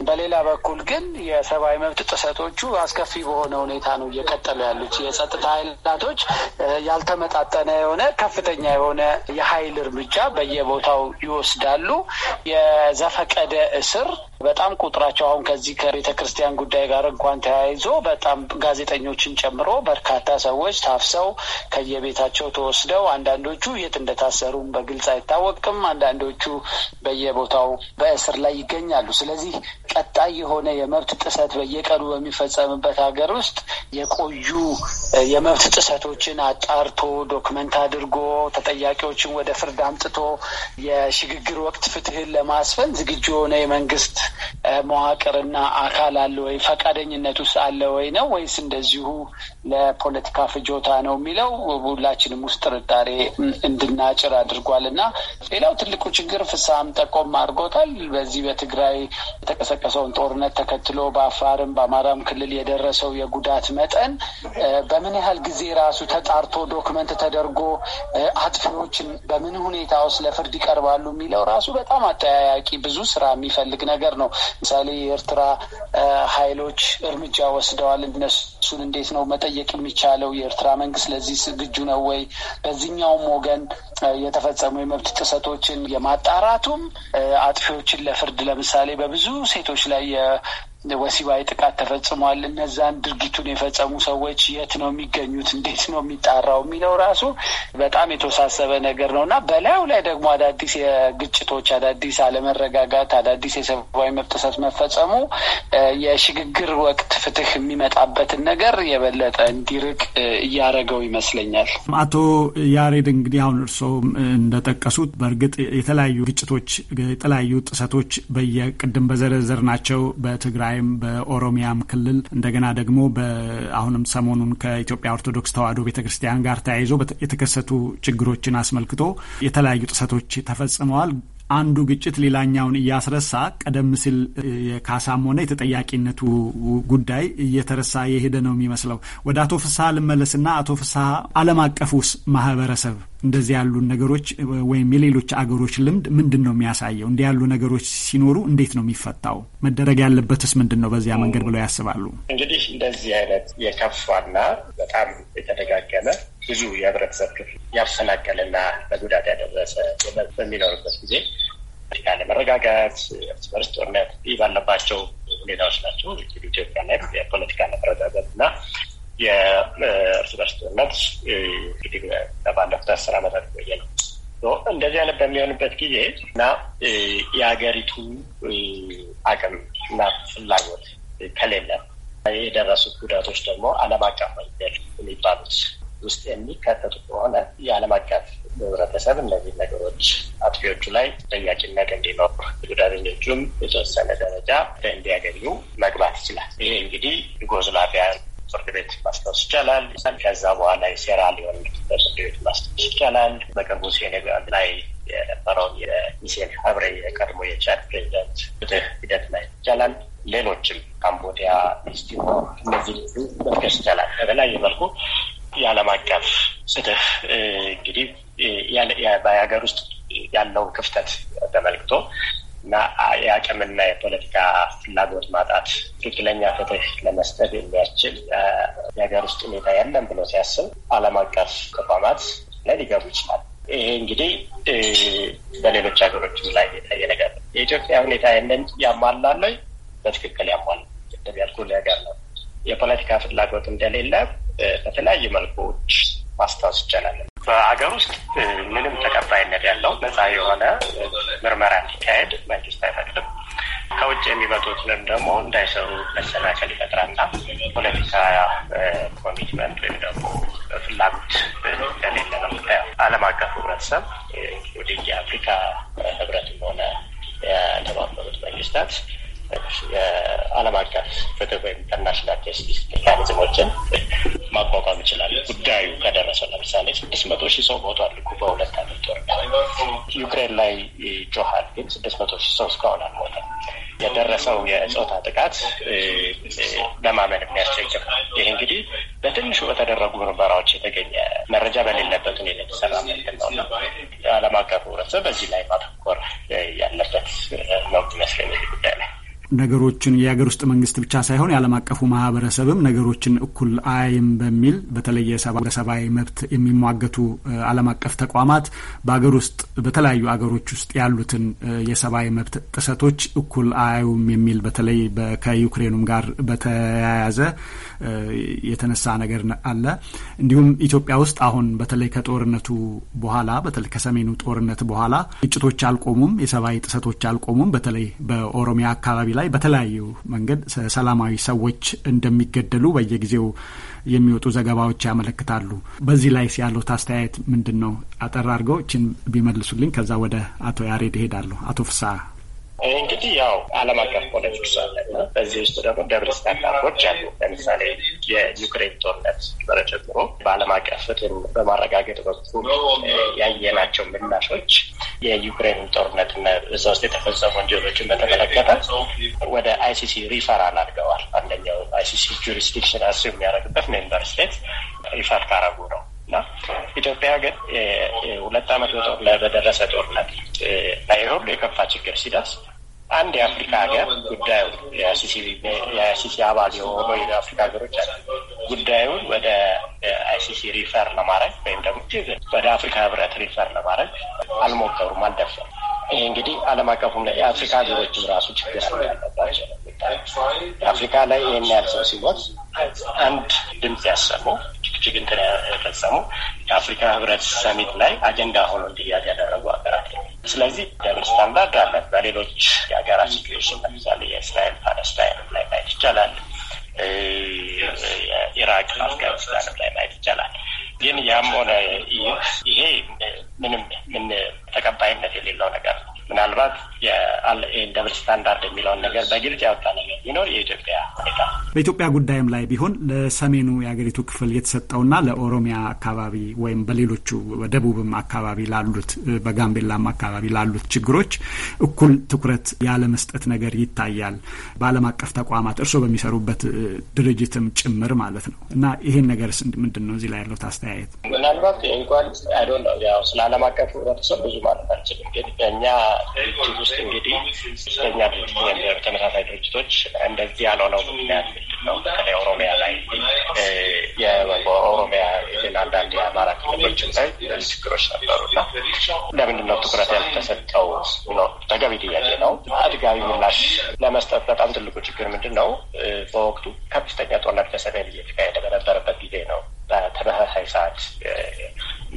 Speaker 4: በሌላ በኩል ግን የሰብአዊ መብት ጥሰቶቹ አስከፊ በሆነ ሁኔታ ነው እየቀጠሉ ያሉት። የጸጥታ ኃይላቶች ያልተመጣጠነ የሆነ ከፍተኛ የሆነ የኃይል እርምጃ በየቦታው ይወስዳሉ። የዘፈቀደ እስር በጣም ቁጥራቸው አሁን ከዚህ ከቤተ ክርስቲያን ጉዳይ ጋር እንኳን ተያይዞ በጣም ጋዜጠኞችን ጨምሮ በርካታ ሰዎች ታፍሰው ከየቤታቸው ተወስደው አንዳንዶቹ የት እንደታሰሩም በግልጽ አይታወቅም። አንዳንዶቹ በየቦታው በእስር ላይ ይገኛሉ። ስለዚህ ቀጣይ የሆነ የመብት ጥሰት በየቀኑ በሚፈጸምበት ሀገር ውስጥ የቆዩ የመብት ጥሰቶችን አጣርቶ ዶክመንት አድርጎ ተጠያቂዎችን ወደ ፍርድ አምጥቶ የሽግግር ወቅት ፍትህን ለማስፈን ዝግጁ የሆነ የመንግስት መዋቅ ፍቅርና አካል አለ ወይ ፈቃደኝነት ውስጥ አለ ወይ ነው ወይስ እንደዚሁ ለፖለቲካ ፍጆታ ነው የሚለው ሁላችንም ውስጥ ጥርጣሬ እንድናጭር አድርጓል። እና ሌላው ትልቁ ችግር ፍሳም ጠቆም አድርጎታል። በዚህ በትግራይ የተቀሰቀሰውን ጦርነት ተከትሎ በአፋርም በአማራም ክልል የደረሰው የጉዳት መጠን በምን ያህል ጊዜ ራሱ ተጣርቶ ዶክመንት ተደርጎ አጥፊዎችን በምን ሁኔታ ውስጥ ለፍርድ ይቀርባሉ የሚለው ራሱ በጣም አጠያያቂ ብዙ ስራ የሚፈልግ ነገር ነው። ምሳሌ የኤርትራ ኃይሎች እርምጃ ወስደዋል። እነሱን እንዴት ነው መጠየቅ የሚቻለው? የኤርትራ መንግስት ለዚህ ዝግጁ ነው ወይ? በዚህኛውም ወገን የተፈጸሙ የመብት ጥሰቶችን የማጣራቱም አጥፊዎችን ለፍርድ ለምሳሌ በብዙ ሴቶች ላይ ወሲባዊ ጥቃት ተፈጽሟል፣ እነዛን ድርጊቱን የፈጸሙ ሰዎች የት ነው የሚገኙት፣ እንዴት ነው የሚጣራው የሚለው ራሱ በጣም የተወሳሰበ ነገር ነው እና በላዩ ላይ ደግሞ አዳዲስ የግጭቶች፣ አዳዲስ አለመረጋጋት፣ አዳዲስ የሰብአዊ መብት ጥሰት መፈጸሙ የሽግግር ወቅት ፍትህ የሚመጣበትን ነገር የበለጠ እንዲርቅ እያደረገው ይመስለኛል።
Speaker 9: አቶ ያሬድ እንግዲህ አሁን እርስዎ እንደጠቀሱት በእርግጥ የተለያዩ ግጭቶች፣ የተለያዩ ጥሰቶች በየቅድም በዘረዘር ናቸው በትግራይ በትግራይም በኦሮሚያም ክልል እንደገና ደግሞ አሁንም ሰሞኑን ከኢትዮጵያ ኦርቶዶክስ ተዋህዶ ቤተ ክርስቲያን ጋር ተያይዞ የተከሰቱ ችግሮችን አስመልክቶ የተለያዩ ጥሰቶች ተፈጽመዋል። አንዱ ግጭት ሌላኛውን እያስረሳ ቀደም ሲል የካሳም ሆነ የተጠያቂነቱ ጉዳይ እየተረሳ የሄደ ነው የሚመስለው። ወደ አቶ ፍስሐ ልመለስና አቶ ፍስሐ ዓለም አቀፉስ ማህበረሰብ እንደዚህ ያሉ ነገሮች ወይም የሌሎች አገሮች ልምድ ምንድን ነው የሚያሳየው? እንዲህ ያሉ ነገሮች ሲኖሩ እንዴት ነው የሚፈታው? መደረግ ያለበትስ ምንድን ነው? በዚያ መንገድ ብለው ያስባሉ።
Speaker 3: እንግዲህ እንደዚህ አይነት የከፋና በጣም የተደጋገመ ብዙ የህብረተሰብ ክፍል ያፈናቀልና በጉዳት ያደረሰ በሚኖርበት ጊዜ ያለ መረጋጋት፣ እርስ በርስ ጦርነት ባለባቸው ሁኔታዎች ናቸው። ኢትዮጵያ ላይ የፖለቲካ መረጋጋት እና የእርስ በርስ ጦርነት እንግዲህ ባለፉት አስር ዓመታት ቆየ ነው። እንደዚህ አይነት በሚሆንበት ጊዜ እና የሀገሪቱ አቅም እና ፍላጎት ከሌለ የደረሱት ጉዳቶች ደግሞ ዓለም አቀፍ ወንጀል የሚባሉት ውስጥ የሚከተቱ ከሆነ የዓለም አቀፍ ህብረተሰብ እነዚህ ነገሮች አጥፊዎቹ ላይ ተጠያቂነት እንዲኖር ጉዳተኞቹም የተወሰነ ደረጃ እንዲያገኙ መግባት ይችላል። ይሄ እንግዲህ ዩጎዝላቪያን ፍርድ ቤት ማስታወስ ይቻላል። ከዛ በኋላ የሴራ ሊሆን ፍርድ ቤት ማስታወስ ይቻላል። በቅርቡ ሴኔጋል ላይ የነበረውን የሚሴል ሀብሬ የቀድሞ የቻድ ፕሬዚደንት ፍትህ ሂደት ላይ ይቻላል። ሌሎችም ካምቦዲያ፣ ኢስት እነዚህ መጥቀስ ይቻላል። በተለያየ መልኩ የዓለም አቀፍ ስትህ እንግዲህ በሀገር ውስጥ ያለውን ክፍተት ተመልክቶ እና የአቅምና የፖለቲካ ፍላጎት ማጣት ትክክለኛ ፍትህ ለመስጠት የሚያስችል የሀገር ውስጥ ሁኔታ የለም ብሎ ሲያስብ ዓለም አቀፍ ተቋማት ላይ ሊገቡ ይችላል። ይሄ እንግዲህ በሌሎች ሀገሮችም ላይ የታየ ነገር ነው። የኢትዮጵያ ሁኔታ ያንን ያሟላለይ በትክክል ያሟል ያልኩ ነገር ነው። የፖለቲካ ፍላጎት እንደሌለ በተለያዩ መልኮች ማስታወስ ይቻላል። በአገር ውስጥ ምንም ተቀባይነት ያለው ነጻ የሆነ ምርመራ እንዲካሄድ መንግስት አይፈቅድም። ከውጭ የሚመጡትንም ደግሞ እንዳይሰሩ መሰናከል ይፈጥራልና ፖለቲካ ኮሚትመንት ወይም ደግሞ ፍላጎት ከሌለ ነው የምታየው። ዓለም አቀፍ ህብረተሰብ ወደ የአፍሪካ ህብረትም ሆነ የተባበሩት መንግስታት የዓለም አቀፍ ፍትህ ወይም ኢንተርናሽናል ጀስቲስ ሜካኒዝሞችን ማቋቋም ይችላል። ጉዳዩ ከደረሰው ለምሳሌ ስድስት መቶ ሺህ ሰው ሞቷል እኮ በሁለት አመት ወር ዩክሬን ላይ ጮሃል፣ ግን ስድስት መቶ ሺህ ሰው እስካሁን አልሞተም። የደረሰው የጾታ ጥቃት ለማመን የሚያስቸግር ይህ እንግዲህ በትንሹ በተደረጉ ምርመራዎች የተገኘ መረጃ በሌለበት ሁኔታ የተሰራ ምንድን ነው እና ዓለም አቀፍ ህብረተሰብ በዚህ ላይ ማተኮር ያለበት ነው ይመስለኛል ጉዳይ
Speaker 9: ላይ ነገሮችን የሀገር ውስጥ መንግስት ብቻ ሳይሆን የዓለም አቀፉ ማህበረሰብም ነገሮችን እኩል አያይም በሚል በተለይ የሰብአዊ መብት የሚሟገቱ ዓለም አቀፍ ተቋማት በሀገር ውስጥ በተለያዩ አገሮች ውስጥ ያሉትን የሰብአዊ መብት ጥሰቶች እኩል አያዩም የሚል በተለይ ከዩክሬኑም ጋር በተያያዘ የተነሳ ነገር አለ። እንዲሁም ኢትዮጵያ ውስጥ አሁን በተለይ ከጦርነቱ በኋላ በተለይ ከሰሜኑ ጦርነት በኋላ ግጭቶች አልቆሙም፣ የሰብአዊ ጥሰቶች አልቆሙም። በተለይ በኦሮሚያ አካባቢ ላይ በተለያዩ መንገድ ሰላማዊ ሰዎች እንደሚገደሉ በየጊዜው የሚወጡ ዘገባዎች ያመለክታሉ። በዚህ ላይ ያሉት አስተያየት ምንድን ነው? አጠር አድርገው እችን ቢመልሱልኝ፣ ከዛ ወደ አቶ ያሬድ እሄዳለሁ። አቶ ፍስሀ
Speaker 4: እንግዲህ ያው
Speaker 3: ዓለም አቀፍ ፖለቲክስ አለና በዚህ ውስጥ ደግሞ ደብል ስታንዳርዶች አሉ። ለምሳሌ የዩክሬን ጦርነት በተጀምሮ በዓለም አቀፍ ፍትህን በማረጋገጥ በኩል ያየናቸው ምላሾች የዩክሬኑ ጦርነትና እዛ ውስጥ የተፈጸሙ ወንጀሎችን በተመለከተ ወደ አይሲሲ ሪፈራል አድርገዋል። አንደኛው አይሲሲ ጁሪስዲክሽን አስ የሚያደርግበት ሜምበር ስቴት ሪፈር ካረጉ ነው እና ኢትዮጵያ ግን ሁለት ዓመት በጦር ላይ በደረሰ ጦርነት ላይ ሁሉ የከፋ ችግር ሲደርስ አንድ የአፍሪካ ሀገር ጉዳዩን የአይሲሲ አባል የሆኑ የአፍሪካ ሀገሮች አሉ ጉዳዩን ወደ አይሲሲ ሪፈር ለማድረግ ወይም ደግሞ ወደ አፍሪካ ህብረት ሪፈር ለማድረግ አልሞከሩም፣ አልደፈሩም። ይህ እንግዲህ ዓለም አቀፉም ላይ የአፍሪካ ሀገሮችም ራሱ ችግር ያለባቸው አፍሪካ ላይ ይህን ያህል ሰው ሲሞት አንድ ድምፅ ያሰሙ እጅግ እንትን የፈጸሙ የአፍሪካ ህብረት ሰሚት ላይ አጀንዳ ሆኖ እንዲያዝ ያደረጉ ሀገራት። ስለዚህ ደብል ስታንዳርድ አለ። በሌሎች የሀገራት ሲትዌሽን ለምሳሌ የእስራኤል ፓለስታይን ላይ ማየት ይቻላል። የኢራቅ አፍጋኒስታን ላይ ማየት ይቻላል። ግን ያም ሆነ ይህ ይሄ ምንም ምን ተቀባይነት የሌለው ነገር ነው። ምናልባት የደብል ስታንዳርድ የሚለውን ነገር በግልጽ ያወጣ ነገር ቢኖር የኢትዮጵያ
Speaker 9: ሁኔታ በኢትዮጵያ ጉዳይም ላይ ቢሆን ለሰሜኑ የሀገሪቱ ክፍል የተሰጠውና ለኦሮሚያ አካባቢ ወይም በሌሎቹ በደቡብም አካባቢ ላሉት በጋምቤላም አካባቢ ላሉት ችግሮች እኩል ትኩረት ያለመስጠት ነገር ይታያል። በዓለም አቀፍ ተቋማት እርስዎ በሚሰሩበት ድርጅትም ጭምር ማለት ነው እና ይሄን ነገር ምንድን ነው እዚህ ላይ ያለው አስተያየት?
Speaker 3: ምናልባት እንኳን ያው ስለ ዓለም አቀፍ ህብረተሰብ ብዙ ማለት አልችልም፣ ግን በእኛ ድርጅት እንግዲህ ሶስተኛ ድርጅት ወይም ተመሳሳይ ድርጅቶች እንደዚህ ያልሆነው ምክንያት ምንድን ነው? በተለይ ኦሮሚያ ላይ ኦሮሚያ አንዳንድ የአማራ ክልሎች ላይ ችግሮች ነበሩና ለምንድን ነው ትኩረት ያልተሰጠው? ተገቢ ጥያቄ ነው። አድጋቢ ምላሽ ለመስጠት በጣም ትልቁ ችግር ምንድን ነው? በወቅቱ ከፍተኛ ጦርነት በሰሜን እየተካሄደ በነበረበት ጊዜ ነው። በተመሳሳይ ሰዓት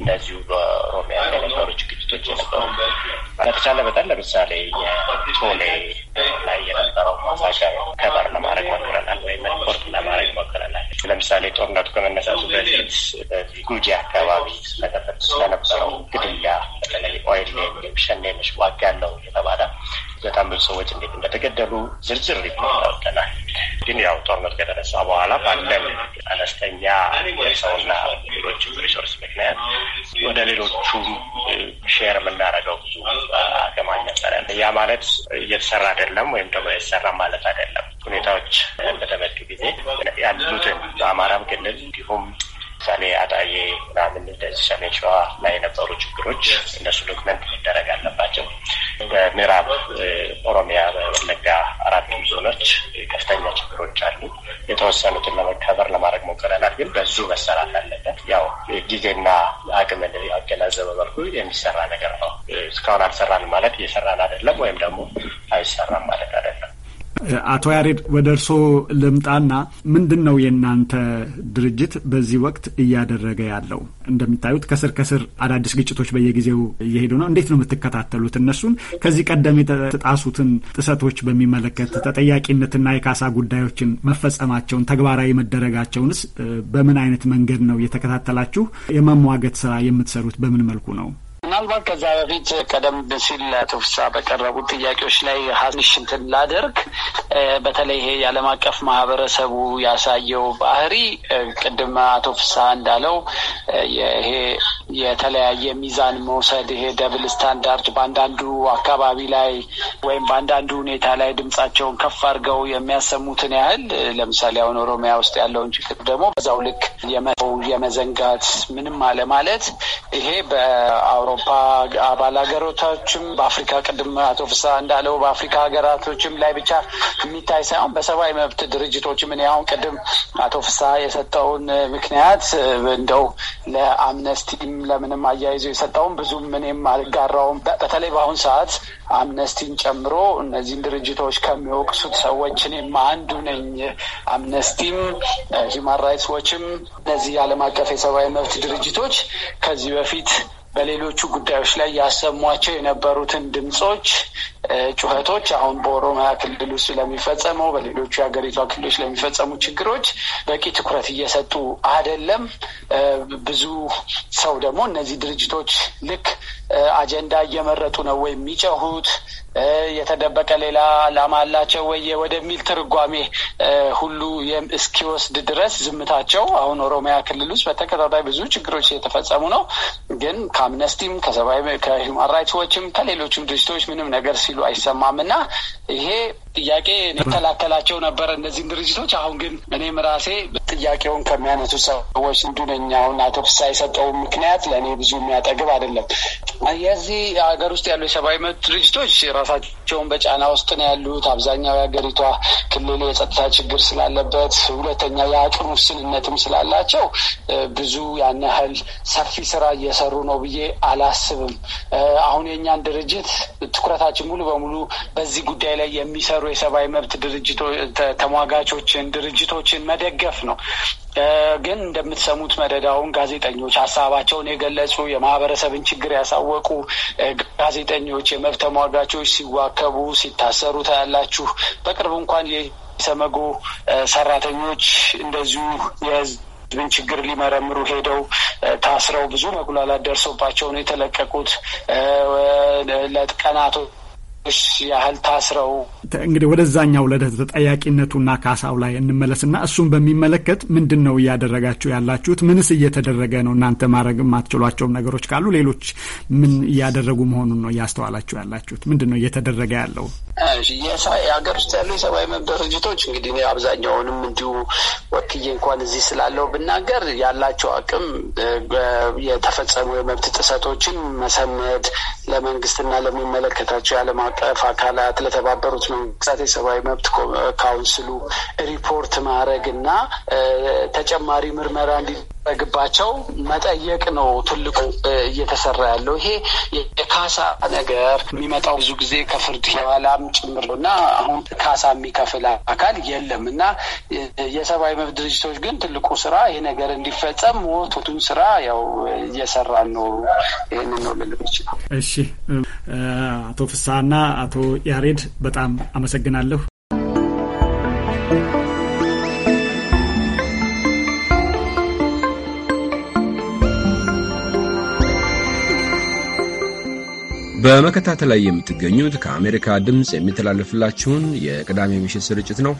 Speaker 3: እነዚሁ በኦሮሚያ የነበሩ ዝግጅቶች የነበሩ በተቻለ መጠን ለምሳሌ የቶሌ ላይ የነበረው ማሳሻ ከበር ለማድረግ ሞክረናል፣ ወይም ሪፖርት ለማድረግ ሞክረናል። ለምሳሌ ጦርነቱ ከመነሳቱ በፊት በዚህ ጉጂ አካባቢ ስለተፈት ስለነበረው ግድያ በተለይ ኦይል ወይም ሸኔነሽ ዋጋ ያለው የተባለ በጣም ብዙ ሰዎች እንዴት እንደተገደሉ ዝርዝር ሪፖርት አውጥተናል። ግን ያው ጦርነት ከተነሳ በኋላ ባለን አነስተኛ የሰውና ሌሎች ሪሶርስ ምክንያት ወደ ሌሎቹ ሼር የምናደርገው ብዙ አገማኝ ነበረ። ያ ማለት እየተሰራ አይደለም ወይም ደግሞ የተሰራ ማለት አይደለም። ሁኔታዎች በተመጡ ጊዜ ያሉትን በአማራም ክልል እንዲሁም ምሳሌ አጣዬ ምናምን እንደዚህ ሰሜን ሸዋ ላይ የነበሩ ችግሮች እነሱ ዶክመንት መደረግ አለባቸው። በምዕራብ ኦሮሚያ በወለጋ አራቱም ዞኖች ከፍተኛ ችግሮች አሉ። የተወሰኑትን ለመከበር ለማድረግ ሞክረናል፣ ግን በዙ መሰራት አለበት። ያው ጊዜና አቅምን ያገናዘበ መልኩ የሚሰራ ነገር ነው። እስካሁን አልሰራን ማለት እየሰራን አይደለም፣ ወይም ደግሞ አይሰራም ማለት አይደለም።
Speaker 9: አቶ ያሬድ ወደ እርስዎ ልምጣና ምንድን ነው የእናንተ ድርጅት በዚህ ወቅት እያደረገ ያለው? እንደሚታዩት ከስር ከስር አዳዲስ ግጭቶች በየጊዜው እየሄዱ ነው። እንዴት ነው የምትከታተሉት እነሱን? ከዚህ ቀደም የተጣሱትን ጥሰቶች በሚመለከት ተጠያቂነትና የካሳ ጉዳዮችን መፈጸማቸውን፣ ተግባራዊ መደረጋቸውንስ በምን አይነት መንገድ ነው የተከታተላችሁ? የመሟገት ስራ የምትሰሩት በምን መልኩ ነው?
Speaker 4: ምናልባት ከዛ በፊት ቀደም ሲል ትፍሳ በቀረቡት ጥያቄዎች ላይ ሀኒሽ እንትን ላደርግ በተለይ ይሄ የዓለም አቀፍ ማህበረሰቡ ያሳየው ባህሪ ቅድም አቶ ፍስሀ እንዳለው ይሄ የተለያየ ሚዛን መውሰድ ይሄ ደብል ስታንዳርድ በአንዳንዱ አካባቢ ላይ ወይም በአንዳንዱ ሁኔታ ላይ ድምጻቸውን ከፍ አድርገው የሚያሰሙትን ያህል ለምሳሌ አሁን ኦሮሚያ ውስጥ ያለውን ችግር ደግሞ በዛው ልክ የመዘንጋት ምንም አለማለት ይሄ በአውሮ በአውሮፓ አባል ሀገሮቻችም በአፍሪካ ቅድም አቶ ፍስሀ እንዳለው በአፍሪካ ሀገራቶችም ላይ ብቻ የሚታይ ሳይሆን በሰብአዊ መብት ድርጅቶችም እኔ አሁን ቅድም አቶ ፍስሀ የሰጠውን ምክንያት እንደው ለአምነስቲም ለምንም አያይዞ የሰጠውን ብዙም እኔም አልጋራውም። በተለይ በአሁን ሰዓት አምነስቲን ጨምሮ እነዚህን ድርጅቶች ከሚወቅሱት ሰዎች እኔም አንዱ ነኝ። አምነስቲም ሂውማን ራይትስ ዎችም እነዚህ የዓለም አቀፍ የሰብአዊ መብት ድርጅቶች ከዚህ በፊት በሌሎቹ ጉዳዮች ላይ ያሰሟቸው የነበሩትን ድምጾች ጩኸቶች አሁን በኦሮሚያ ክልል ውስጥ ለሚፈጸመው በሌሎቹ የሀገሪቷ ክልሎች ለሚፈጸሙ ችግሮች በቂ ትኩረት እየሰጡ አይደለም። ብዙ ሰው ደግሞ እነዚህ ድርጅቶች ልክ አጀንዳ እየመረጡ ነው ወይ የሚጨሁት የተደበቀ ሌላ አላማ አላቸው ወይ ወደሚል ትርጓሜ ሁሉ እስኪወስድ ድረስ ዝምታቸው አሁን ኦሮሚያ ክልል ውስጥ በተከታታይ ብዙ ችግሮች እየተፈጸሙ ነው። ግን ከአምነስቲም ከሰብአዊ ከሂውማን ራይትስ ዎችም ከሌሎችም ድርጅቶች ምንም ነገር ሲሉ አይሰማም እና ይሄ ጥያቄ ይከላከላቸው ነበር እነዚህን ድርጅቶች። አሁን ግን እኔም ራሴ ጥያቄውን ከሚያነሱ ሰዎች አንዱ ነኝ። አሁን አቶ ፍስሀ የሰጠው ምክንያት ለእኔ ብዙ የሚያጠግብ አይደለም። የዚህ ሀገር ውስጥ ያሉ የሰብአዊ መብት ድርጅቶች ራሳቸውን በጫና ውስጥ ነው ያሉት። አብዛኛው የሀገሪቷ ክልል የጸጥታ ችግር ስላለበት፣ ሁለተኛ የአቅም ውስንነትም ስላላቸው ብዙ ያን ያህል ሰፊ ስራ እየሰሩ ነው ብዬ አላስብም። አሁን የእኛን ድርጅት ትኩረታችን ሙሉ በሙሉ በዚህ ጉዳይ ላይ የሚሰሩ የሰብአዊ መብት ድርጅቶ ተሟጋቾችን፣ ድርጅቶችን መደገፍ ነው። ግን እንደምትሰሙት መደዳውን ጋዜጠኞች ሀሳባቸውን የገለጹ የማህበረሰብን ችግር ያሳወቁ ጋዜጠኞች፣ የመብት ተሟጋቾች ሲዋከቡ ሲታሰሩ ታያላችሁ። በቅርብ እንኳን የሰመጎ ሰራተኞች እንደዚሁ የህዝብ ህዝብን ችግር ሊመረምሩ ሄደው ታስረው ብዙ መጉላላት ደርሶባቸው ነው የተለቀቁት ለቀናቶች ሺ ያህል ታስረው
Speaker 9: እንግዲህ ወደዛኛው ተጠያቂነቱና ካሳው ላይ እንመለስና እሱን በሚመለከት ምንድን ነው እያደረጋችሁ ያላችሁት? ምንስ እየተደረገ ነው? እናንተ ማድረግ የማትችሏቸውም ነገሮች ካሉ ሌሎች ምን እያደረጉ መሆኑን ነው እያስተዋላችሁ ያላችሁት? ምንድን ነው እየተደረገ ያለው?
Speaker 4: የሀገር ውስጥ ያሉ የሰብአዊ መብት ድርጅቶች እንግዲህ አብዛኛውንም እንዲሁ ወክዬ እንኳን እዚህ ስላለው ብናገር ያላቸው አቅም የተፈጸሙ የመብት ጥሰቶችን መሰመድ ለመንግስትና ለሚመለከታቸው የዓለም ጠፍ አካላት ለተባበሩት መንግስታት የሰብአዊ መብት ካውንስሉ ሪፖርት ማድረግ እና ተጨማሪ ምርመራ እንዲ ግባቸው መጠየቅ ነው ትልቁ እየተሰራ ያለው። ይሄ የካሳ ነገር የሚመጣው ብዙ ጊዜ ከፍርድ የኋላም ጭምር ነው እና አሁን ካሳ የሚከፍል አካል የለም እና የሰብአዊ መብት ድርጅቶች ግን ትልቁ ስራ ይሄ ነገር እንዲፈጸም ሞቱን ስራ ያው እየሰራ ነው። ይህን ነው ልል ይችላል።
Speaker 9: እሺ አቶ ፍስሀና አቶ ያሬድ በጣም አመሰግናለሁ።
Speaker 1: በመከታተል ላይ የምትገኙት ከአሜሪካ ድምፅ የሚተላለፍላችሁን የቅዳሜ ምሽት ስርጭት ነው።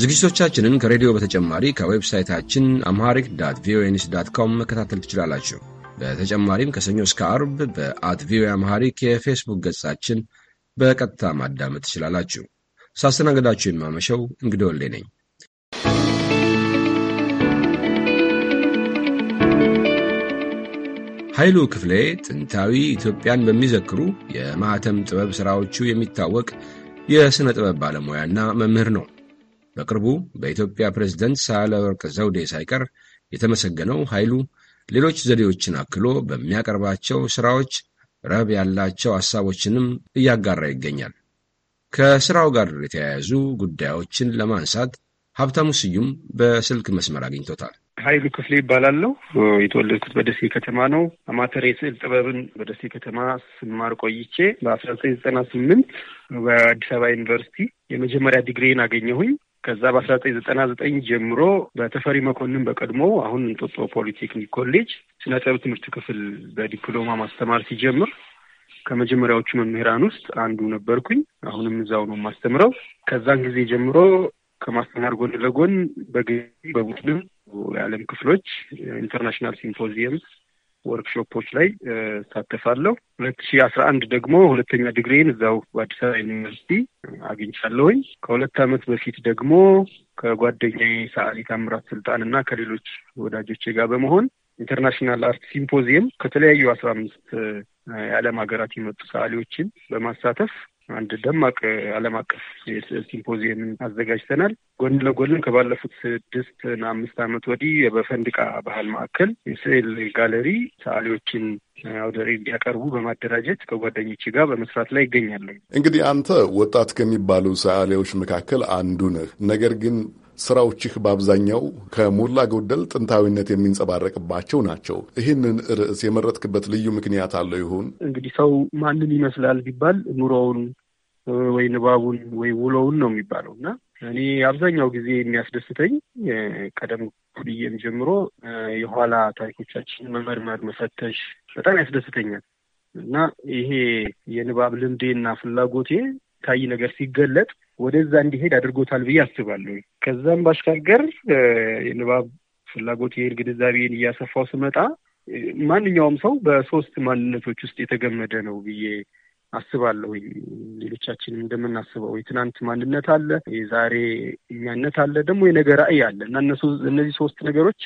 Speaker 1: ዝግጅቶቻችንን ከሬዲዮ በተጨማሪ ከዌብሳይታችን አምሃሪክ ዳት ቪኦኤ ኒውስ ዳት ኮም መከታተል ትችላላችሁ። በተጨማሪም ከሰኞ እስከ አርብ በአት ቪኦኤ አምሃሪክ የፌስቡክ ገጻችን በቀጥታ ማዳመጥ ትችላላችሁ። ሳስተናገዳችሁ የማመሸው እንግዲህ ወልዴ ነኝ። ኃይሉ ክፍሌ ጥንታዊ ኢትዮጵያን በሚዘክሩ የማኅተም ጥበብ ሥራዎቹ የሚታወቅ የሥነ ጥበብ ባለሙያና መምህር ነው። በቅርቡ በኢትዮጵያ ፕሬዝደንት ሳህለወርቅ ዘውዴ ሳይቀር የተመሰገነው ኃይሉ ሌሎች ዘዴዎችን አክሎ በሚያቀርባቸው ሥራዎች ረብ ያላቸው ሐሳቦችንም እያጋራ ይገኛል። ከሥራው ጋር የተያያዙ ጉዳዮችን ለማንሳት ሀብታሙ ስዩም በስልክ መስመር አግኝቶታል።
Speaker 10: ሀይሉ ክፍሌ ይባላለሁ። የተወለድኩት በደሴ ከተማ ነው። አማተር የስዕል ጥበብን በደሴ ከተማ ስማር ቆይቼ በአስራ ዘጠኝ ዘጠና ስምንት በአዲስ አበባ ዩኒቨርሲቲ የመጀመሪያ ዲግሪን አገኘሁኝ። ከዛ በአስራ ዘጠኝ ዘጠና ዘጠኝ ጀምሮ በተፈሪ መኮንን በቀድሞ አሁን እንጦጦ ፖሊቴክኒክ ኮሌጅ ስነ ጥበብ ትምህርት ክፍል በዲፕሎማ ማስተማር ሲጀምር ከመጀመሪያዎቹ መምህራን ውስጥ አንዱ ነበርኩኝ። አሁንም እዛው ነው የማስተምረው። ከዛን ጊዜ ጀምሮ ከማስተማር ጎን ለጎን በግ በቡድንም የዓለም ክፍሎች ኢንተርናሽናል ሲምፖዚየም ወርክሾፖች ላይ እሳተፋለሁ። ሁለት ሺ አስራ አንድ ደግሞ ሁለተኛ ዲግሪን እዛው በአዲስ አበባ ዩኒቨርሲቲ አግኝቻለሁኝ። ከሁለት ዓመት በፊት ደግሞ ከጓደኛዬ ሰዓሊ ታምራት ስልጣን እና ከሌሎች ወዳጆቼ ጋር በመሆን ኢንተርናሽናል አርት ሲምፖዚየም ከተለያዩ አስራ አምስት የዓለም ሀገራት የመጡ ሰዓሊዎችን በማሳተፍ አንድ ደማቅ ዓለም አቀፍ የስዕል ሲምፖዚየምን አዘጋጅተናል። ጎን ለጎንም ከባለፉት ስድስት እና አምስት ዓመት ወዲህ በፈንድቃ ባህል ማዕከል የስዕል ጋለሪ ሰዓሊዎችን አውደ እንዲያቀርቡ በማደራጀት ከጓደኞች ጋር በመስራት ላይ ይገኛሉ።
Speaker 6: እንግዲህ አንተ ወጣት ከሚባሉ ሰዓሊዎች መካከል አንዱ ነህ። ነገር ግን ስራዎችህ በአብዛኛው ከሞላ ጎደል ጥንታዊነት የሚንጸባረቅባቸው ናቸው። ይህንን ርዕስ የመረጥክበት ልዩ ምክንያት አለው ይሆን?
Speaker 10: እንግዲህ ሰው ማንን ይመስላል ቢባል ኑሮውን ወይ ንባቡን ወይ ውሎውን ነው የሚባለው እና እኔ አብዛኛው ጊዜ የሚያስደስተኝ ቀደም ብዬም ጀምሮ የኋላ ታሪኮቻችን መመርመር፣ መፈተሽ በጣም ያስደስተኛል እና ይሄ የንባብ ልምዴና ፍላጎቴ ታይ ነገር ሲገለጥ ወደዛ እንዲሄድ አድርጎታል ብዬ አስባለሁ። ከዛም ባሻገር የንባብ ፍላጎት የሄድ ግንዛቤን እያሰፋው ስመጣ ማንኛውም ሰው በሶስት ማንነቶች ውስጥ የተገመደ ነው ብዬ አስባለሁ። ሌሎቻችንም እንደምናስበው የትናንት ማንነት አለ፣ የዛሬ እኛነት አለ፣ ደግሞ የነገ ራዕይ አለ እና እነዚህ ሶስት ነገሮች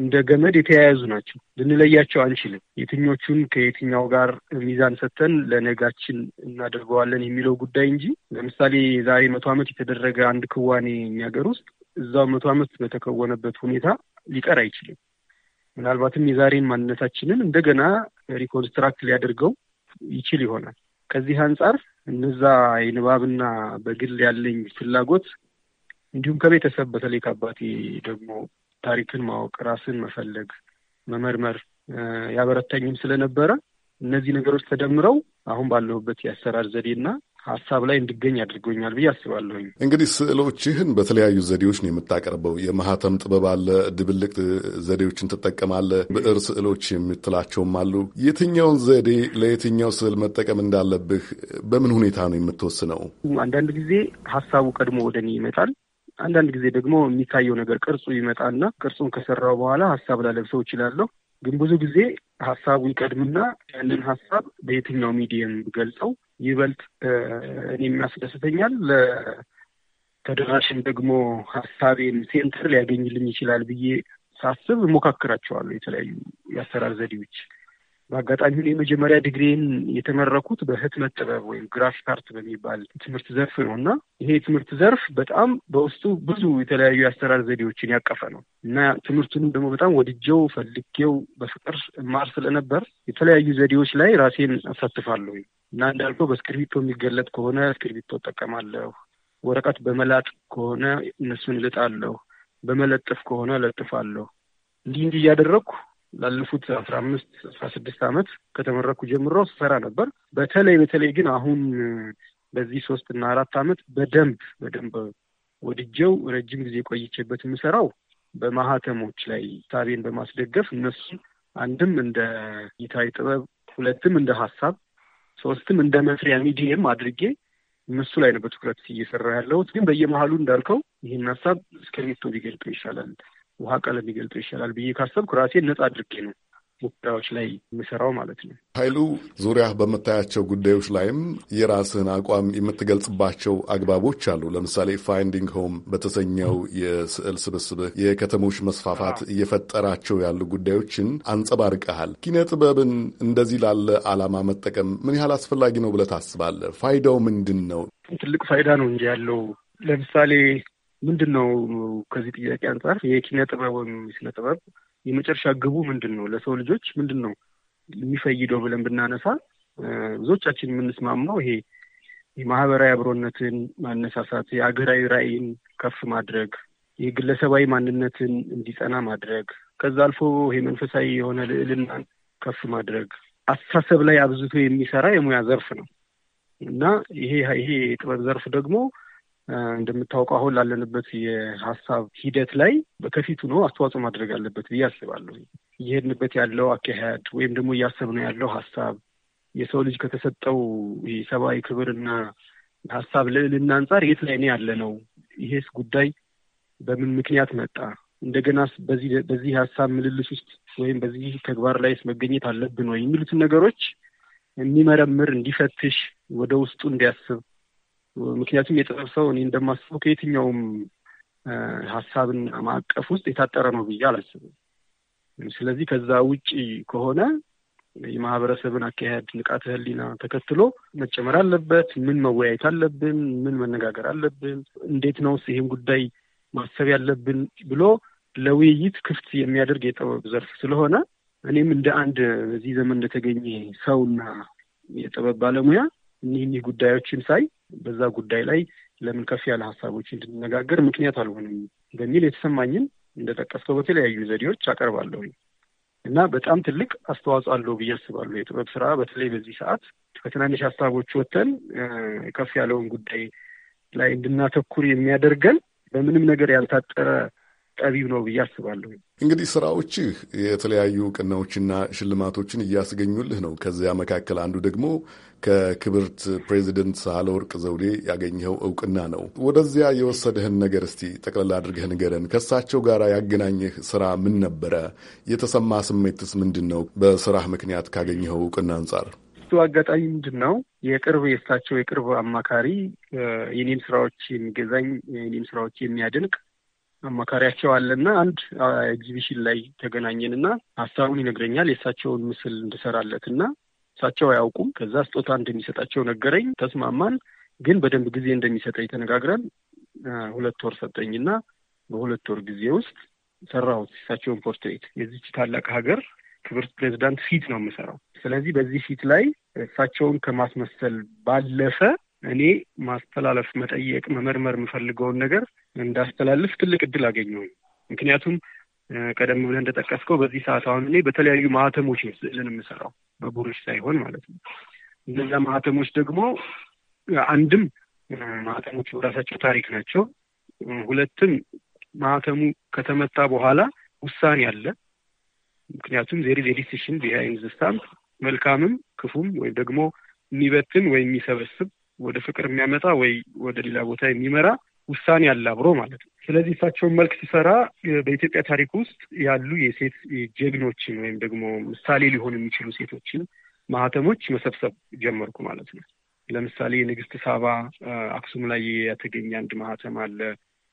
Speaker 10: እንደ ገመድ የተያያዙ ናቸው። ልንለያቸው አንችልም። የትኞቹን ከየትኛው ጋር ሚዛን ሰጥተን ለነጋችን እናደርገዋለን የሚለው ጉዳይ እንጂ ለምሳሌ የዛሬ መቶ ዓመት የተደረገ አንድ ክዋኔ የሚያገር ውስጥ እዛው መቶ ዓመት በተከወነበት ሁኔታ ሊቀር አይችልም። ምናልባትም የዛሬን ማንነታችንን እንደገና ሪኮንስትራክት ሊያደርገው ይችል ይሆናል። ከዚህ አንጻር እነዛ የንባብና በግል ያለኝ ፍላጎት እንዲሁም ከቤተሰብ በተለይ ከአባቴ ደግሞ ታሪክን ማወቅ፣ ራስን መፈለግ፣ መመርመር ያበረታኝም ስለነበረ እነዚህ ነገሮች ተደምረው አሁን ባለሁበት የአሰራር ዘዴና ሀሳብ ላይ እንድገኝ አድርጎኛል ብዬ አስባለሁኝ።
Speaker 6: እንግዲህ ስዕሎችህን በተለያዩ ዘዴዎች ነው የምታቀርበው። የማህተም ጥበብ አለ፣ ድብልቅ ዘዴዎችን ትጠቀማለህ፣ ብዕር ስዕሎች የምትላቸውም አሉ። የትኛውን ዘዴ ለየትኛው ስዕል መጠቀም እንዳለብህ በምን ሁኔታ ነው የምትወስነው?
Speaker 10: አንዳንድ ጊዜ ሀሳቡ ቀድሞ ወደ እኔ ይመጣል። አንዳንድ ጊዜ ደግሞ የሚታየው ነገር ቅርጹ ይመጣና ቅርጹን ከሰራው በኋላ ሀሳብ ላለብሰው እችላለሁ። ግን ብዙ ጊዜ ሀሳቡ ይቀድምና ያንን ሀሳብ በየትኛው ሚዲየም ገልጸው ይበልጥ እኔም ያስደስተኛል ለተደራሽም ደግሞ ሀሳቤን ሴንተር ሊያገኝልኝ ይችላል ብዬ ሳስብ እሞካክራቸዋለሁ የተለያዩ የአሰራር ዘዴዎች። በአጋጣሚ ሁን የመጀመሪያ ዲግሪን የተመረኩት በህትመት ጥበብ ወይም ግራፊክ አርት በሚባል ትምህርት ዘርፍ ነው እና ይሄ የትምህርት ዘርፍ በጣም በውስጡ ብዙ የተለያዩ የአሰራር ዘዴዎችን ያቀፈ ነው እና ትምህርቱንም ደግሞ በጣም ወድጀው ፈልጌው በፍቅር ማር ስለነበር የተለያዩ ዘዴዎች ላይ ራሴን አሳትፋለሁ እና እንዳልከው በእስክርቢቶ የሚገለጥ ከሆነ እስክርቢቶ እጠቀማለሁ። ወረቀት በመላጥ ከሆነ እነሱን ልጣለሁ። በመለጠፍ ከሆነ ለጥፋለሁ። እንዲህ እንዲህ እያደረግኩ ላለፉት አስራ አምስት አስራ ስድስት ዓመት ከተመረኩ ጀምሮ ስሰራ ነበር። በተለይ በተለይ ግን አሁን በዚህ ሶስት እና አራት ዓመት በደንብ በደንብ ወድጀው ረጅም ጊዜ ቆይቼበት የምሰራው በማህተሞች ላይ ታቤን በማስደገፍ እነሱ አንድም እንደ ጌታዊ ጥበብ፣ ሁለትም እንደ ሀሳብ፣ ሶስትም እንደ መስሪያ ሚዲየም አድርጌ እነሱ ላይ ነው በትኩረት እየሰራ ያለሁት። ግን በየመሀሉ እንዳልከው ይህን ሀሳብ እስክሪብቶ ሊገልጠው ይሻላል ውሃ ቀለም ሊገልጸው ይሻላል ብዬ ካሰብኩ ራሴን ነጻ አድርጌ ነው ጉዳዮች ላይ የሚሰራው ማለት ነው።
Speaker 6: ኃይሉ ዙሪያ በምታያቸው ጉዳዮች ላይም የራስህን አቋም የምትገልጽባቸው አግባቦች አሉ። ለምሳሌ ፋይንዲንግ ሆም በተሰኘው የስዕል ስብስብህ የከተሞች መስፋፋት እየፈጠራቸው ያሉ ጉዳዮችን አንጸባርቀሃል። ኪነ ጥበብን እንደዚህ ላለ ዓላማ መጠቀም ምን ያህል አስፈላጊ ነው ብለህ ታስባለህ? ፋይዳው ምንድን ነው?
Speaker 10: ትልቅ ፋይዳ ነው እንጂ ያለው ለምሳሌ ምንድን ነው ከዚህ ጥያቄ አንጻር የኪነ ጥበብ ወይም የስነ ጥበብ የመጨረሻ ግቡ ምንድን ነው? ለሰው ልጆች ምንድን ነው የሚፈይደው ብለን ብናነሳ ብዙዎቻችን የምንስማማው ይሄ የማህበራዊ አብሮነትን ማነሳሳት፣ የአገራዊ ራዕይን ከፍ ማድረግ፣ የግለሰባዊ ማንነትን እንዲጸና ማድረግ፣ ከዛ አልፎ ይሄ መንፈሳዊ የሆነ ልዕልናን ከፍ ማድረግ አስተሳሰብ ላይ አብዝቶ የሚሰራ የሙያ ዘርፍ ነው እና ይሄ ይሄ የጥበብ ዘርፍ ደግሞ እንደምታውቀው አሁን ላለንበት የሀሳብ ሂደት ላይ ከፊቱ ነው አስተዋጽኦ ማድረግ አለበት ብዬ አስባለሁ። እየሄድንበት ያለው አካሄድ ወይም ደግሞ እያሰብነው ያለው ሀሳብ የሰው ልጅ ከተሰጠው ሰብአዊ ክብርና ሀሳብ ልዕልና አንጻር የት ላይ ነው ያለ ነው? ይሄስ ጉዳይ በምን ምክንያት መጣ? እንደገና በዚህ ሀሳብ ምልልስ ውስጥ ወይም በዚህ ተግባር ላይስ መገኘት አለብን ወይ የሚሉትን ነገሮች የሚመረምር እንዲፈትሽ፣ ወደ ውስጡ እንዲያስብ ምክንያቱም የጥበብ ሰው እኔ እንደማስበው ከየትኛውም ሀሳብና ማዕቀፍ ውስጥ የታጠረ ነው ብዬ አላስብም። ስለዚህ ከዛ ውጪ ከሆነ የማህበረሰብን አካሄድ ንቃተ ህሊና ተከትሎ መጨመር አለበት። ምን መወያየት አለብን? ምን መነጋገር አለብን? እንዴት ነው ይህን ጉዳይ ማሰብ ያለብን ብሎ ለውይይት ክፍት የሚያደርግ የጥበብ ዘርፍ ስለሆነ እኔም እንደ አንድ በዚህ ዘመን እንደተገኘ ሰውና የጥበብ ባለሙያ እኒህ እኒህ ጉዳዮችን ሳይ በዛ ጉዳይ ላይ ለምን ከፍ ያለ ሀሳቦች እንድንነጋገር ምክንያት አልሆንም በሚል የተሰማኝን እንደጠቀስከው በተለያዩ ዘዴዎች አቀርባለሁ። እና በጣም ትልቅ አስተዋጽኦ አለው ብዬ አስባለሁ። የጥበብ ስራ በተለይ በዚህ ሰዓት ከትናንሽ ሀሳቦች ወጥተን ከፍ ያለውን ጉዳይ ላይ እንድናተኩር የሚያደርገን በምንም ነገር ያልታጠረ ጠቢብ ነው ብዬ አስባለሁ።
Speaker 6: እንግዲህ ስራዎችህ የተለያዩ እውቅናዎችና ሽልማቶችን እያስገኙልህ ነው። ከዚያ መካከል አንዱ ደግሞ ከክብርት ፕሬዚደንት ሳህለወርቅ ዘውዴ ያገኘኸው እውቅና ነው። ወደዚያ የወሰደህን ነገር እስቲ ጠቅለል አድርገህ ንገረን። ከእሳቸው ጋር ያገናኘህ ስራ ምን ነበረ? የተሰማ ስሜትስ ምንድን ነው? በስራህ ምክንያት ካገኘኸው እውቅና አንጻር እሱ
Speaker 10: አጋጣሚ ምንድን ነው? የቅርብ የእሳቸው የቅርብ አማካሪ የኔም ስራዎች የሚገዛኝ የኔም ስራዎች የሚያደንቅ አማካሪያቸው አለና አንድ ኤግዚቢሽን ላይ ተገናኘንና ሀሳቡን ይነግረኛል። የእሳቸውን ምስል እንድሰራለት ና እሳቸው አያውቁም። ከዛ ስጦታ እንደሚሰጣቸው ነገረኝ። ተስማማን። ግን በደንብ ጊዜ እንደሚሰጠኝ ተነጋግረን ሁለት ወር ሰጠኝና በሁለት ወር ጊዜ ውስጥ ሰራሁት የእሳቸውን ፖርትሬት። የዚች ታላቅ ሀገር ክብርት ፕሬዚዳንት ፊት ነው የምሰራው። ስለዚህ በዚህ ፊት ላይ እሳቸውን ከማስመሰል ባለፈ እኔ ማስተላለፍ፣ መጠየቅ፣ መመርመር የምፈልገውን ነገር እንዳስተላልፍ ትልቅ እድል አገኘሁኝ። ምክንያቱም ቀደም ብለን እንደጠቀስከው በዚህ ሰዓት አሁን እኔ በተለያዩ ማህተሞች ነው ስዕልን የምሰራው በቡሩሽ ሳይሆን ማለት ነው። እነዛ ማህተሞች ደግሞ አንድም ማህተሞች በራሳቸው ታሪክ ናቸው። ሁለትም ማህተሙ ከተመታ በኋላ ውሳኔ አለ። ምክንያቱም ዜሪ ዜዲስሽን ቢሃይንድ ዘ ስታምፕ መልካምም ክፉም ወይም ደግሞ የሚበትን ወይም የሚሰበስብ ወደ ፍቅር የሚያመጣ ወይ ወደ ሌላ ቦታ የሚመራ ውሳኔ ያለ አብሮ ማለት ነው። ስለዚህ እሳቸውን መልክ ሲሰራ በኢትዮጵያ ታሪክ ውስጥ ያሉ የሴት ጀግኖችን ወይም ደግሞ ምሳሌ ሊሆን የሚችሉ ሴቶችን ማህተሞች መሰብሰብ ጀመርኩ ማለት ነው። ለምሳሌ ንግስት ሳባ አክሱም ላይ የተገኘ አንድ ማህተም አለ።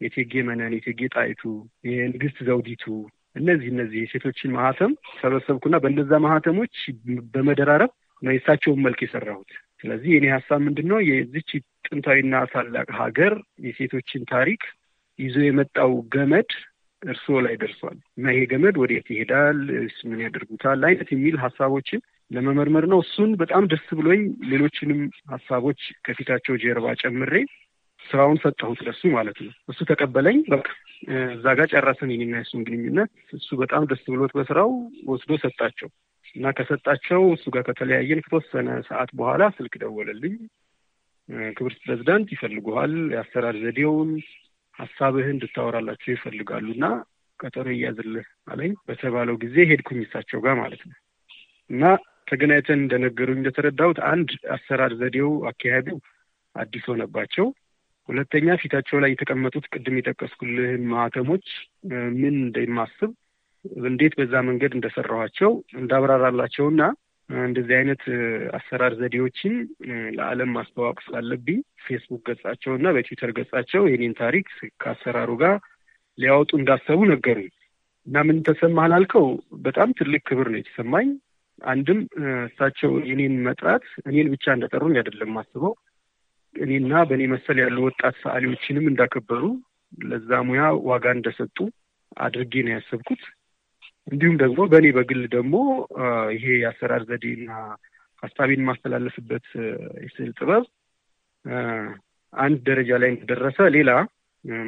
Speaker 10: የቴጌ መነን፣ የቴጌ ጣይቱ፣ የንግስት ዘውዲቱ እነዚህ እነዚህ የሴቶችን ማህተም ሰበሰብኩና በእነዛ ማህተሞች በመደራረብ ነው የእሳቸውን መልክ የሰራሁት። ስለዚህ የኔ ሀሳብ ምንድን ነው የዚች ጥንታዊና ታላቅ ሀገር የሴቶችን ታሪክ ይዞ የመጣው ገመድ እርስዎ ላይ ደርሷል እና ይሄ ገመድ ወዴት ይሄዳል፣ ምን ያደርጉታል አይነት የሚል ሀሳቦችን ለመመርመር ነው። እሱን በጣም ደስ ብሎኝ ሌሎችንም ሀሳቦች ከፊታቸው ጀርባ ጨምሬ ስራውን ሰጠሁት ለሱ ማለት ነው። እሱ ተቀበለኝ። በቃ እዛ ጋር ጨረስን የኔና የሱን ግንኙነት። እሱ በጣም ደስ ብሎት በስራው ወስዶ ሰጣቸው። እና ከሰጣቸው እሱ ጋር ከተለያየን ከተወሰነ ሰዓት በኋላ ስልክ ደወለልኝ። ክብርት ፕሬዚዳንት ይፈልጉሃል፣ የአሰራር ዘዴውን ሀሳብህን እንድታወራላቸው ይፈልጋሉ እና ቀጠሮ እያዝልህ አለኝ። በተባለው ጊዜ ሄድኩኝ እሳቸው ጋር ማለት ነው እና ተገናኝተን እንደነገሩኝ እንደተረዳሁት አንድ አሰራር ዘዴው አካሄዱ አዲስ ሆነባቸው። ሁለተኛ ፊታቸው ላይ የተቀመጡት ቅድም የጠቀስኩልህን ማህተሞች ምን እንደማስብ እንዴት በዛ መንገድ እንደሰራኋቸው እንዳብራራላቸውና እንደዚህ አይነት አሰራር ዘዴዎችን ለዓለም ማስተዋወቅ ስላለብኝ ፌስቡክ ገጻቸው እና በትዊተር ገጻቸው የኔን ታሪክ ከአሰራሩ ጋር ሊያወጡ እንዳሰቡ ነገሩኝ እና ምን ተሰማህ ላልከው በጣም ትልቅ ክብር ነው የተሰማኝ። አንድም እሳቸው የኔን መጥራት እኔን ብቻ እንደጠሩኝ አይደለም ማስበው እኔና በእኔ መሰል ያሉ ወጣት ሰዓሊዎችንም እንዳከበሩ ለዛ ሙያ ዋጋ እንደሰጡ አድርጌ ነው ያሰብኩት። እንዲሁም ደግሞ በእኔ በግል ደግሞ ይሄ የአሰራር ዘዴና ሀሳቤን የማስተላለፍበት የስዕል ጥበብ አንድ ደረጃ ላይ እንደደረሰ ሌላ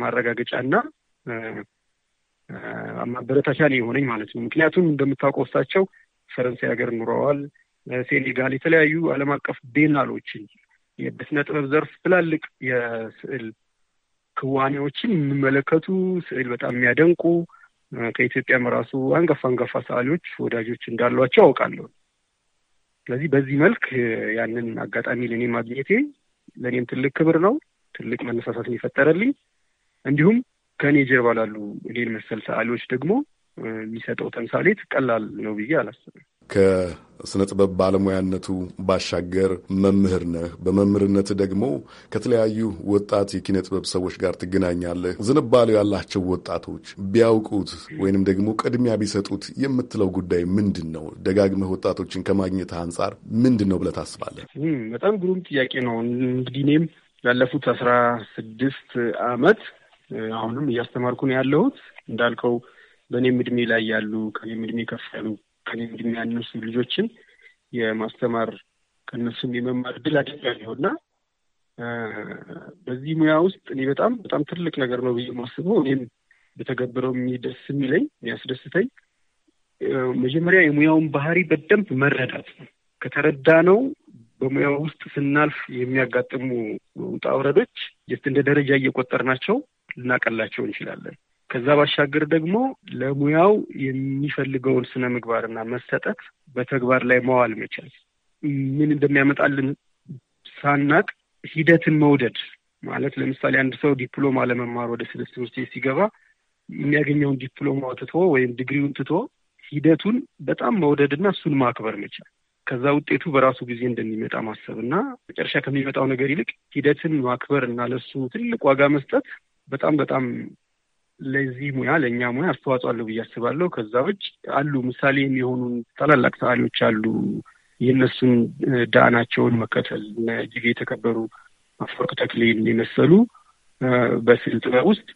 Speaker 10: ማረጋገጫና ማበረታቻ ነው የሆነኝ ማለት ነው። ምክንያቱም እንደምታውቀው እሳቸው ፈረንሳይ ሀገር ኑረዋል፣ ሴኔጋል፣ የተለያዩ ዓለም አቀፍ ቤናሎችን የበስነ ጥበብ ዘርፍ ትላልቅ የስዕል ክዋኔዎችን የሚመለከቱ ስዕል በጣም የሚያደንቁ ከኢትዮጵያም ራሱ አንጋፋ አንጋፋ ሰዓሊዎች ወዳጆች እንዳሏቸው አውቃለሁ። ስለዚህ በዚህ መልክ ያንን አጋጣሚ ለእኔ ማግኘቴ ለእኔም ትልቅ ክብር ነው፣ ትልቅ መነሳሳትን ይፈጠረልኝ። እንዲሁም ከእኔ ጀርባ ላሉ እኔን መሰል ሰዓሊዎች ደግሞ የሚሰጠው ተምሳሌት ቀላል ነው ብዬ አላስብም።
Speaker 6: ከስነ ጥበብ ባለሙያነቱ ባሻገር መምህር ነህ። በመምህርነት ደግሞ ከተለያዩ ወጣት የኪነ ጥበብ ሰዎች ጋር ትገናኛለህ። ዝንባሌው ያላቸው ወጣቶች ቢያውቁት ወይንም ደግሞ ቅድሚያ ቢሰጡት የምትለው ጉዳይ ምንድን ነው? ደጋግመህ ወጣቶችን ከማግኘት አንጻር ምንድን ነው ብለህ ታስባለህ?
Speaker 10: በጣም ግሩም ጥያቄ ነው። እንግዲህ እኔም ላለፉት አስራ ስድስት አመት አሁንም እያስተማርኩ ነው ያለሁት እንዳልከው በእኔም እድሜ ላይ ያሉ ከኔም እድሜ ከፍ ያሉ ከኔም እድሜ ያነሱ ልጆችን የማስተማር ከነሱም የመማር ድል አግኝቻለሁ እና በዚህ ሙያ ውስጥ እኔ በጣም በጣም ትልቅ ነገር ነው ብዬ ማስበው እኔም በተገብረው የሚደስ የሚለኝ የሚያስደስተኝ መጀመሪያ የሙያውን ባህሪ በደንብ መረዳት ነው። ከተረዳ ነው በሙያው ውስጥ ስናልፍ የሚያጋጥሙ ውጣ ውረዶች የት እንደ ደረጃ እየቆጠርናቸው ልናቀላቸው እንችላለን። ከዛ ባሻገር ደግሞ ለሙያው የሚፈልገውን ስነ ምግባርና መሰጠት በተግባር ላይ መዋል መቻል ምን እንደሚያመጣልን ሳናቅ ሂደትን መውደድ ማለት ለምሳሌ አንድ ሰው ዲፕሎማ ለመማር ወደ ስድስት ትምህርት ሲገባ የሚያገኘውን ዲፕሎማ ትቶ ወይም ዲግሪውን ትቶ ሂደቱን በጣም መውደድና እሱን ማክበር መቻል ከዛ ውጤቱ በራሱ ጊዜ እንደሚመጣ ማሰብ እና መጨረሻ ከሚመጣው ነገር ይልቅ ሂደትን ማክበር እና ለሱ ትልቅ ዋጋ መስጠት በጣም በጣም ለዚህ ሙያ ለእኛ ሙያ አስተዋጽኦ አለው ብዬ አስባለሁ። ከዛ ውጭ አሉ ምሳሌ የሚሆኑን ታላላቅ ሰዓሊዎች አሉ። የእነሱን ዳናቸውን መከተል እጅግ የተከበሩ አፈወርቅ ተክሌን የመሰሉ በስዕል ጥበብ ውስጥ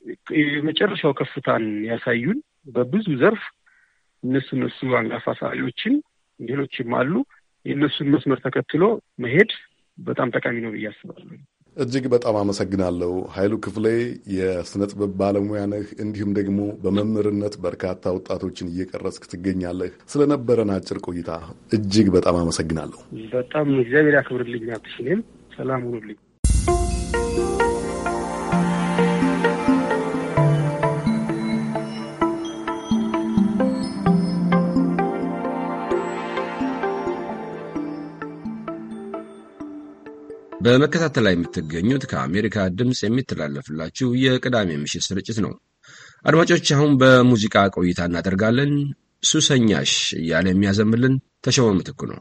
Speaker 10: የመጨረሻው ከፍታን ያሳዩን በብዙ ዘርፍ እነሱ እነሱ አንጋፋ ሰዓሊዎችን ሌሎችም አሉ። የእነሱን መስመር ተከትሎ መሄድ በጣም ጠቃሚ ነው ብዬ አስባለሁ።
Speaker 6: እጅግ በጣም አመሰግናለሁ ኃይሉ ክፍሌ፣ የሥነ ጥበብ ባለሙያ ነህ፣ እንዲሁም ደግሞ በመምህርነት በርካታ ወጣቶችን እየቀረስክ ትገኛለህ። ስለነበረን አጭር ቆይታ እጅግ በጣም አመሰግናለሁ።
Speaker 10: በጣም እግዚአብሔር ያክብርልኝ። ናትሽኔም ሰላም ሁኑልኝ።
Speaker 1: በመከታተል ላይ የምትገኙት ከአሜሪካ ድምፅ የሚተላለፍላችሁ የቅዳሜ ምሽት ስርጭት ነው። አድማጮች፣ አሁን በሙዚቃ ቆይታ እናደርጋለን። ሱሰኛሽ እያለ የሚያዘምልን ተሾመ ምትኩ ነው።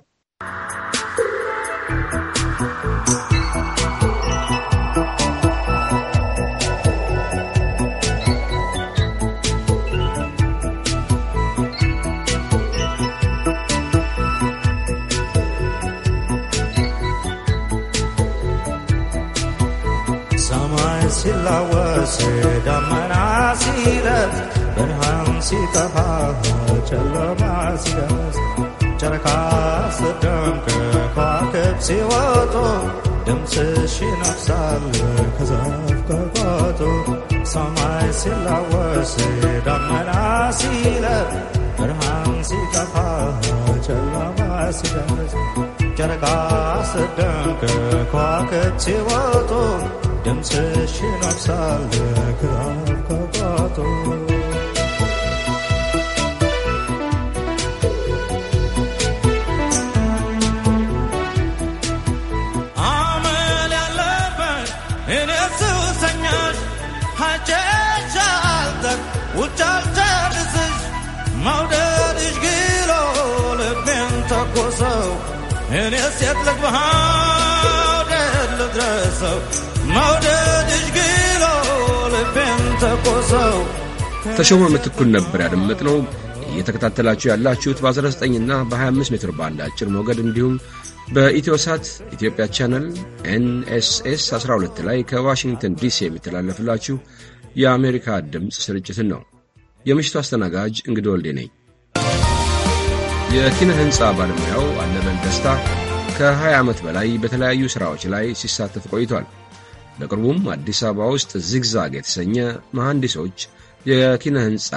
Speaker 7: ሲፈስ ደመና
Speaker 5: ሲለፍ
Speaker 7: ብርሃን ሲጠፋ ጨለማ ሲደርስ ጨረቃ ስትደምቅ ከዋክብት ሲወጡ ድምፅሽ ይነፍሳል ከዛፍ ከቁጡ ሰማይ ሲላወስ ደመና ሲለፍ ብርሃን ሲጠፋ ጨለማ ሲደርስ ጨረቃ ስትደምቅ ከዋክብት ሲወጡ ድምፅሽን አብሳለ ከአካባቶ
Speaker 2: አመል ያለበት እኔስውሰኛሽ ሀጨሻ አልጠር ግሎ ልቤን ተኮሰው እኔስ የት ልግባሃ ልድረሰው
Speaker 1: ተሾመ ምትኩን ነበር ያደመጥነው። እየተከታተላችሁ ያላችሁት በ19ና በ25 ሜትር ባንድ አጭር ሞገድ እንዲሁም በኢትዮሳት ኢትዮጵያ ቻነል ኤንኤስኤስ 12 ላይ ከዋሽንግተን ዲሲ የሚተላለፍላችሁ የአሜሪካ ድምፅ ስርጭትን ነው። የምሽቱ አስተናጋጅ እንግዲህ ወልዴ ነኝ። የኪነ ሕንፃ ባለሙያው አለበን ደስታ ከ20 ዓመት በላይ በተለያዩ ሥራዎች ላይ ሲሳተፍ ቆይቷል። በቅርቡም አዲስ አበባ ውስጥ ዚግዛግ የተሰኘ መሐንዲሶች፣ የኪነ ሕንፃ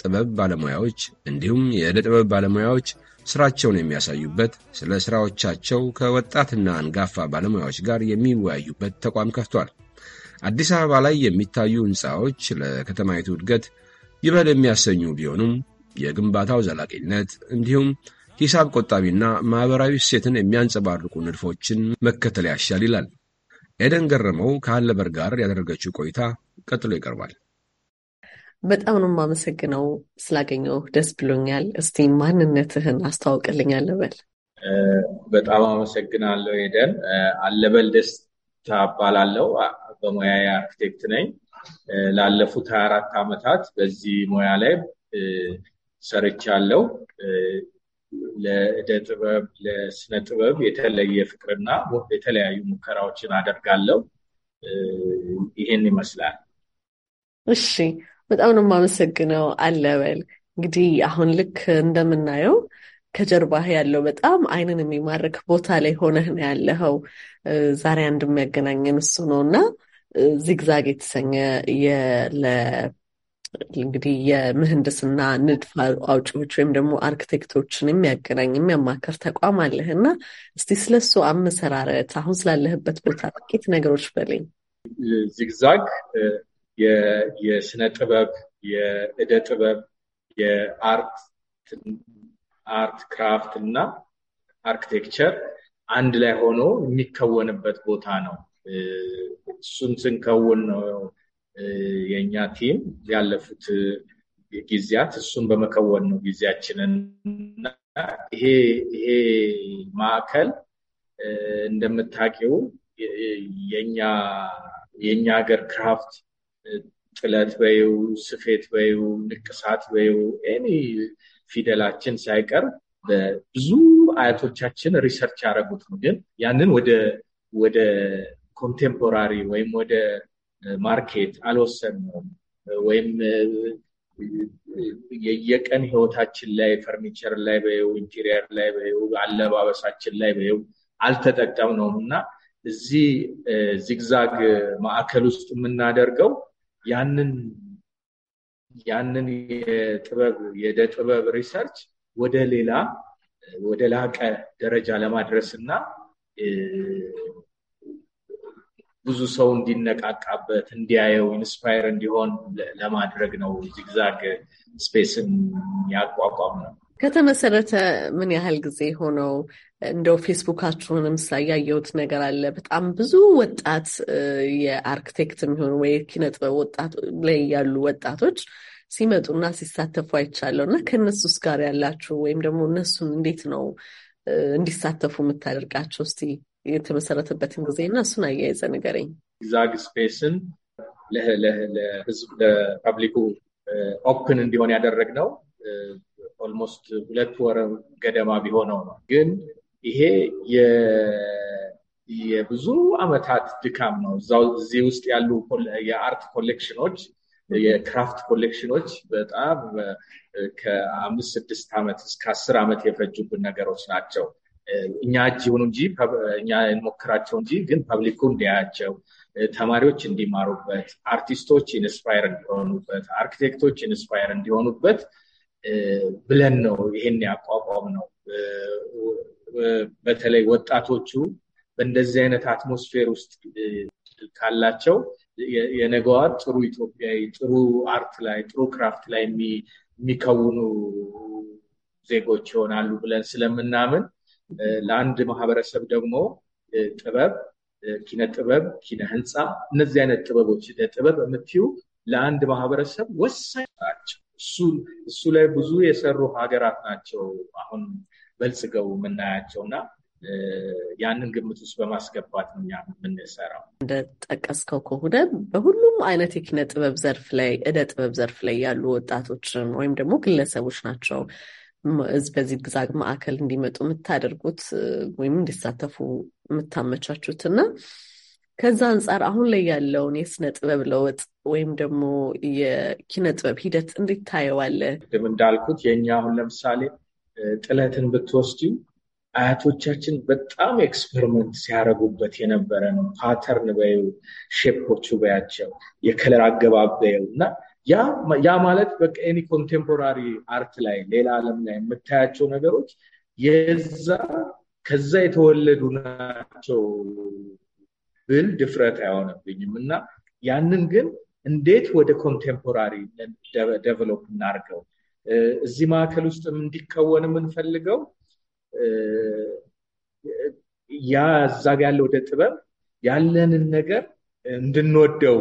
Speaker 1: ጥበብ ባለሙያዎች እንዲሁም የዕደ ጥበብ ባለሙያዎች ሥራቸውን የሚያሳዩበት፣ ስለ ሥራዎቻቸው ከወጣትና አንጋፋ ባለሙያዎች ጋር የሚወያዩበት ተቋም ከፍቷል። አዲስ አበባ ላይ የሚታዩ ሕንፃዎች ለከተማይቱ እድገት ይበል የሚያሰኙ ቢሆኑም የግንባታው ዘላቂነት እንዲሁም ሂሳብ ቆጣቢና ማኅበራዊ እሴትን የሚያንጸባርቁ ንድፎችን መከተል ያሻል ይላል። ኤደን ገረመው ከአለበር ጋር ያደረገችው ቆይታ ቀጥሎ ይቀርባል።
Speaker 11: በጣም ነው የማመሰግነው ስላገኘው ደስ ብሎኛል። እስቲ ማንነትህን አስተዋውቅልኝ አለበል።
Speaker 12: በጣም አመሰግናለሁ ኤደን። አለበል ደስታ እባላለሁ። በሙያ አርክቴክት ነኝ። ላለፉት ሀያ አራት ዓመታት በዚህ ሙያ ላይ ሰርቻለሁ። ለእደ ጥበብ፣ ለስነ ጥበብ የተለየ ፍቅርና የተለያዩ ሙከራዎችን አደርጋለሁ። ይህን ይመስላል።
Speaker 11: እሺ፣ በጣም ነው የማመሰግነው አለበል። እንግዲህ አሁን ልክ እንደምናየው ከጀርባህ ያለው በጣም አይንን የሚማርክ ቦታ ላይ ሆነህ ነው ያለኸው። ዛሬ አንድ የሚያገናኘን እሱ ነው እና ዚግዛግ የተሰኘ እንግዲህ የምህንድስና ንድፍ አውጪዎች ወይም ደግሞ አርክቴክቶችን የሚያገናኝ የሚያማከር ተቋም አለህ እና እስቲ ስለሱ አመሰራረት አሁን ስላለህበት ቦታ ጥቂት ነገሮች በለኝ።
Speaker 12: ዚግዛግ የስነ ጥበብ፣ የእደ ጥበብ፣ የአርት አርት ክራፍት እና አርክቴክቸር አንድ ላይ ሆኖ የሚከወንበት ቦታ ነው። እሱን ስንከውን ነው የእኛ ቲም ያለፉት ጊዜያት እሱን በመከወን ነው ጊዜያችንን። ይሄ ይሄ ማዕከል እንደምታውቂው የእኛ ሀገር ክራፍት ጥለት በይው፣ ስፌት በይው፣ ንቅሳት በይው ኤኒ ፊደላችን ሳይቀር ብዙ አያቶቻችን ሪሰርች ያደረጉት ነው። ግን ያንን ወደ ኮንቴምፖራሪ ወይም ወደ ማርኬት አልወሰንነውም ወይም የየቀን ህይወታችን ላይ ፈርኒቸር ላይ በው ኢንቴሪየር ላይ በው አለባበሳችን ላይ አልተጠቀም ነው እና እዚህ ዚግዛግ ማዕከል ውስጥ የምናደርገው ያንን ያንን የጥበብ የደ ጥበብ ሪሰርች ወደ ሌላ ወደ ላቀ ደረጃ ለማድረስ እና ብዙ ሰው እንዲነቃቃበት እንዲያየው ኢንስፓየር እንዲሆን ለማድረግ ነው ዚግዛግ ስፔስን ያቋቋም ነው።
Speaker 11: ከተመሰረተ ምን ያህል ጊዜ ሆነው? እንደው ፌስቡካችሁንም ሳያየሁት ነገር አለ። በጣም ብዙ ወጣት የአርክቴክት የሚሆኑ ወይ ኪነጥበብ ወጣት ላይ ያሉ ወጣቶች ሲመጡና ሲሳተፉ አይቻለሁ እና ከእነሱስ ጋር ያላችሁ ወይም ደግሞ እነሱን እንዴት ነው እንዲሳተፉ የምታደርጋቸው? እስቲ የተመሰረተበትን ጊዜና እሱን አያይዘ ንገረኝ።
Speaker 12: ዛግ ስፔስን ለህዝብ ለፐብሊኩ ኦፕን እንዲሆን ያደረግ ነው። ኦልሞስት ሁለት ወር ገደማ ቢሆነው ነው። ግን ይሄ የብዙ ዓመታት ድካም ነው። እዚህ ውስጥ ያሉ የአርት ኮሌክሽኖች የክራፍት ኮሌክሽኖች በጣም ከአምስት ስድስት ዓመት እስከ አስር ዓመት የፈጁብን ነገሮች ናቸው። እኛ እጅ ይሁኑ እንጂ እኛ እንሞክራቸው እንጂ ግን ፐብሊኩ እንዲያያቸው ተማሪዎች እንዲማሩበት፣ አርቲስቶች ኢንስፓየር እንዲሆኑበት፣ አርኪቴክቶች ኢንስፓየር እንዲሆኑበት ብለን ነው ይህን ያቋቋም ነው። በተለይ ወጣቶቹ በእንደዚህ አይነት አትሞስፌር ውስጥ ካላቸው የነገዋ ጥሩ ኢትዮጵያዊ ጥሩ አርት ላይ ጥሩ ክራፍት ላይ የሚከውኑ ዜጎች ይሆናሉ ብለን ስለምናምን ለአንድ ማህበረሰብ ደግሞ ጥበብ፣ ኪነ ጥበብ፣ ኪነ ህንፃ እነዚህ አይነት ጥበቦች ጥበብ የምትዩ ለአንድ ማህበረሰብ ወሳኝ ናቸው። እሱ ላይ ብዙ የሰሩ ሀገራት ናቸው አሁን በልጽገው የምናያቸው እና ያንን ግምት ውስጥ በማስገባት ነው እኛ የምንሰራው።
Speaker 11: እንደጠቀስከው ከሆነ በሁሉም አይነት የኪነ ጥበብ ዘርፍ ላይ እደ ጥበብ ዘርፍ ላይ ያሉ ወጣቶችን ወይም ደግሞ ግለሰቦች ናቸው በዚህ ግዛግ ማዕከል እንዲመጡ የምታደርጉት ወይም እንዲሳተፉ የምታመቻቹት እና ከዛ አንጻር አሁን ላይ ያለውን የስነ ጥበብ ለውጥ ወይም ደግሞ የኪነ ጥበብ ሂደት እንዴት ታየዋለህ?
Speaker 12: እንዳልኩት የእኛ አሁን ለምሳሌ ጥለትን ብትወስድ አያቶቻችን በጣም ኤክስፐሪመንት ሲያደርጉበት የነበረ ነው። ፓተርን በዩ ሼፖቹ በያቸው የከለር አገባበየው እና ያ ማለት በቃ ኤኒ ኮንቴምፖራሪ አርት ላይ ሌላ ዓለም ላይ የምታያቸው ነገሮች የዛ ከዛ የተወለዱ ናቸው ብል ድፍረት አይሆንብኝም እና ያንን ግን እንዴት ወደ ኮንቴምፖራሪ ደቨሎፕ እናርገው እዚህ ማዕከል ውስጥም እንዲከወን የምንፈልገው ያ እዛ ያለ ወደ ጥበብ ያለንን ነገር እንድንወደው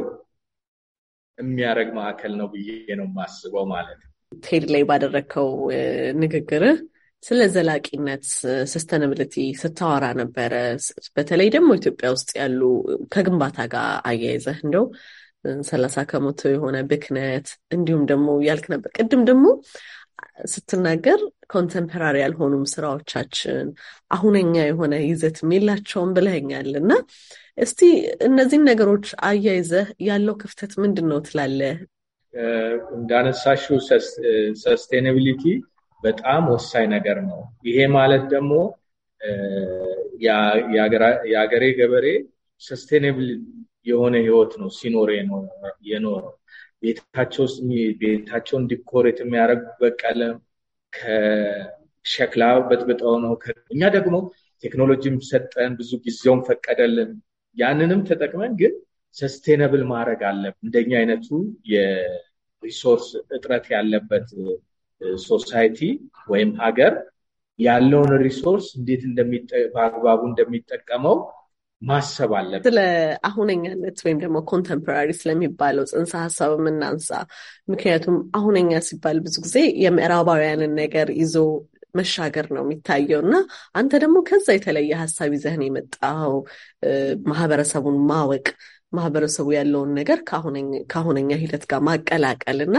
Speaker 12: የሚያደረግ ማዕከል ነው ብዬ ነው የማስበው ማለት ነው።
Speaker 11: ቴድ ላይ ባደረግከው ንግግር ስለ ዘላቂነት ሰስተነብልቲ ስታወራ ነበረ። በተለይ ደግሞ ኢትዮጵያ ውስጥ ያሉ ከግንባታ ጋር አያይዘህ እንደው ሰላሳ ከመቶ የሆነ ብክነት እንዲሁም ደግሞ ያልክ ነበር ቅድም ደግሞ ስትናገር ኮንተምፐራሪ ያልሆኑም ስራዎቻችን አሁነኛ የሆነ ይዘት የላቸውም ብለኛል እና እስቲ እነዚህን ነገሮች አያይዘህ ያለው ክፍተት ምንድን ነው ትላለህ?
Speaker 12: እንዳነሳሽው ሰስቴናቢሊቲ በጣም ወሳኝ ነገር ነው። ይሄ ማለት ደግሞ የሀገሬ ገበሬ ሰስቴናብል የሆነ ህይወት ነው ሲኖር የኖረው። ቤታቸው ቤታቸውን ዲኮሬት የሚያደርጉበት ቀለም ከሸክላ በጥብጠው ነው። እኛ ደግሞ ቴክኖሎጂም ሰጠን፣ ብዙ ጊዜውም ፈቀደልን። ያንንም ተጠቅመን ግን ሰስቴነብል ማድረግ አለ እንደኛ አይነቱ የሪሶርስ እጥረት ያለበት ሶሳይቲ ወይም ሀገር ያለውን ሪሶርስ እንዴት በአግባቡ እንደሚጠቀመው ማሰብ አለብን። ስለ
Speaker 11: አሁነኛነት ወይም ደግሞ ኮንተምፖራሪ ስለሚባለው ጽንሰ ሀሳብ የምናንሳ። ምክንያቱም አሁነኛ ሲባል ብዙ ጊዜ የምዕራባውያንን ነገር ይዞ መሻገር ነው የሚታየው እና አንተ ደግሞ ከዛ የተለየ ሀሳብ ይዘህን የመጣው ማህበረሰቡን ማወቅ፣ ማህበረሰቡ ያለውን ነገር ከአሁነኛ ሂደት ጋር ማቀላቀል እና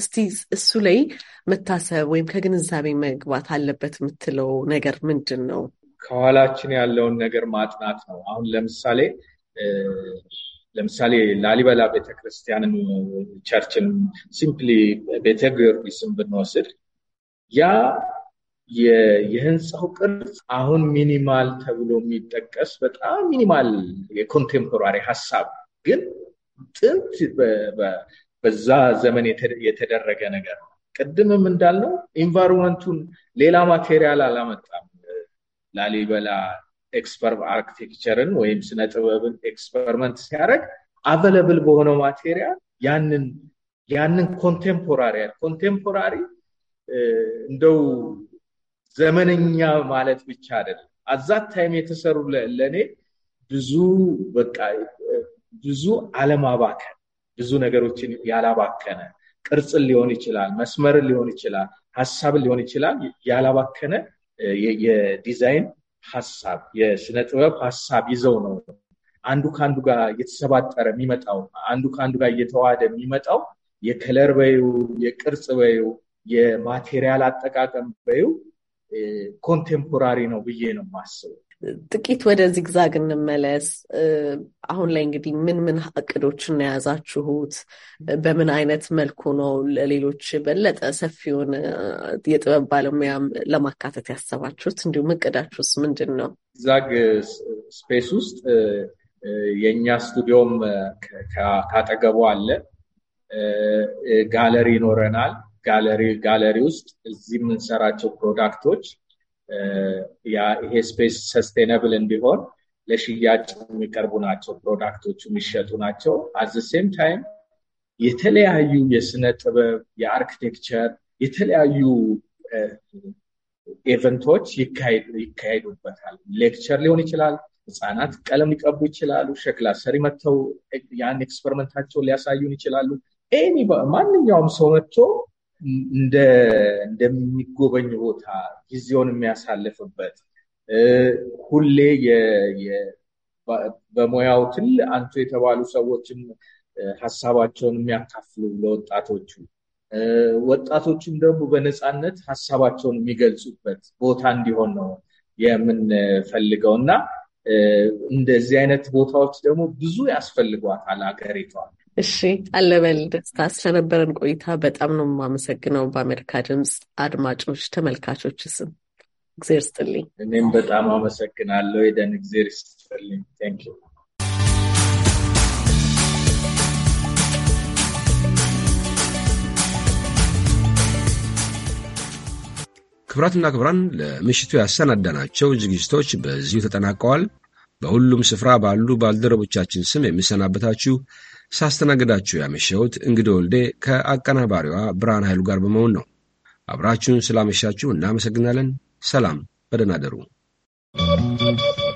Speaker 11: እስቲ እሱ ላይ መታሰብ ወይም ከግንዛቤ መግባት አለበት የምትለው ነገር ምንድን ነው?
Speaker 12: ከኋላችን ያለውን ነገር ማጥናት ነው። አሁን ለምሳሌ ለምሳሌ ላሊበላ ቤተክርስቲያንን፣ ቸርችን፣ ሲምፕሊ ቤተ ጊዮርጊስን ብንወስድ ያ የህንፃው ቅርጽ አሁን ሚኒማል ተብሎ የሚጠቀስ በጣም ሚኒማል የኮንቴምፖራሪ ሀሳብ ግን ጥንት በዛ ዘመን የተደረገ ነገር ነው። ቅድምም እንዳልነው ኢንቫይሮንመንቱን ሌላ ማቴሪያል አላመጣም። ላሊበላ ኤክስፐር አርክቴክቸርን ወይም ስነ ጥበብን ኤክስፐሪመንት ሲያደርግ አቨለብል በሆነው ማቴሪያል ያንን ያንን ኮንቴምፖራሪ ኮንቴምፖራሪ እንደው ዘመነኛ ማለት ብቻ አይደለም። አዛት ታይም የተሰሩ ለእኔ ብዙ በቃ ብዙ አለማባከን ብዙ ነገሮችን ያላባከነ ቅርጽን ሊሆን ይችላል፣ መስመርን ሊሆን ይችላል፣ ሀሳብን ሊሆን ይችላል ያላባከነ የዲዛይን ሀሳብ የስነ ጥበብ ሀሳብ ይዘው ነው አንዱ ከአንዱ ጋር እየተሰባጠረ የሚመጣው አንዱ ከአንዱ ጋር እየተዋሃደ የሚመጣው የከለር በዩ የቅርጽ በዩ የማቴሪያል አጠቃቀም በዩ ኮንቴምፖራሪ ነው ብዬ ነው ማስበው።
Speaker 11: ጥቂት ወደ ዚግዛግ እንመለስ። አሁን ላይ እንግዲህ ምን ምን እቅዶችን የያዛችሁት? በምን አይነት መልኩ ነው ለሌሎች በለጠ ሰፊውን የጥበብ ባለሙያም ለማካተት ያሰባችሁት? እንዲሁም እቅዳችሁስ ምንድን ነው?
Speaker 12: ዚግዛግ ስፔስ ውስጥ የእኛ ስቱዲዮም ካጠገቡ አለ። ጋለሪ ይኖረናል። ጋለሪ ጋለሪ ውስጥ እዚህ የምንሰራቸው ፕሮዳክቶች ይሄ ስፔስ ሰስቴናብል እንዲሆን ለሽያጭ የሚቀርቡ ናቸው፣ ፕሮዳክቶቹ የሚሸጡ ናቸው። አዘ ሴም ታይም የተለያዩ የስነ ጥበብ፣ የአርኪቴክቸር የተለያዩ ኤቨንቶች ይካሄዱበታል። ሌክቸር ሊሆን ይችላል። ህፃናት ቀለም ሊቀቡ ይችላሉ። ሸክላ ሰሪ መጥተው ያን ኤክስፐሪመንታቸውን ሊያሳዩን ይችላሉ። ማንኛውም ሰው መጥቶ እንደሚጎበኝ ቦታ ጊዜውን የሚያሳልፍበት ሁሌ በሙያው ትል አንቱ የተባሉ ሰዎችም ሀሳባቸውን የሚያካፍሉ ለወጣቶቹ ወጣቶቹም ደግሞ በነፃነት ሀሳባቸውን የሚገልጹበት ቦታ እንዲሆን ነው የምንፈልገው እና እንደዚህ አይነት ቦታዎች ደግሞ ብዙ ያስፈልጓታል አገሪቷ።
Speaker 11: እሺ አለበል ደስታ ስለነበረን ቆይታ በጣም ነው የማመሰግነው። በአሜሪካ ድምፅ አድማጮች ተመልካቾች ስም እግዜር ስጥልኝ።
Speaker 12: እኔም በጣም አመሰግናለሁ ደን እግዜር ስጥልኝ።
Speaker 1: ክብራትና ክብራን ለምሽቱ ያሰናዳናቸው ዝግጅቶች በዚሁ ተጠናቀዋል። በሁሉም ስፍራ ባሉ ባልደረቦቻችን ስም የምሰናበታችሁ ሳስተናግዳችሁ ያመሸሁት እንግዲህ ወልዴ ከአቀናባሪዋ ብርሃን ኃይሉ ጋር በመሆን ነው። አብራችሁን ስላመሻችሁ እናመሰግናለን። ሰላም፣ በደህና
Speaker 2: you.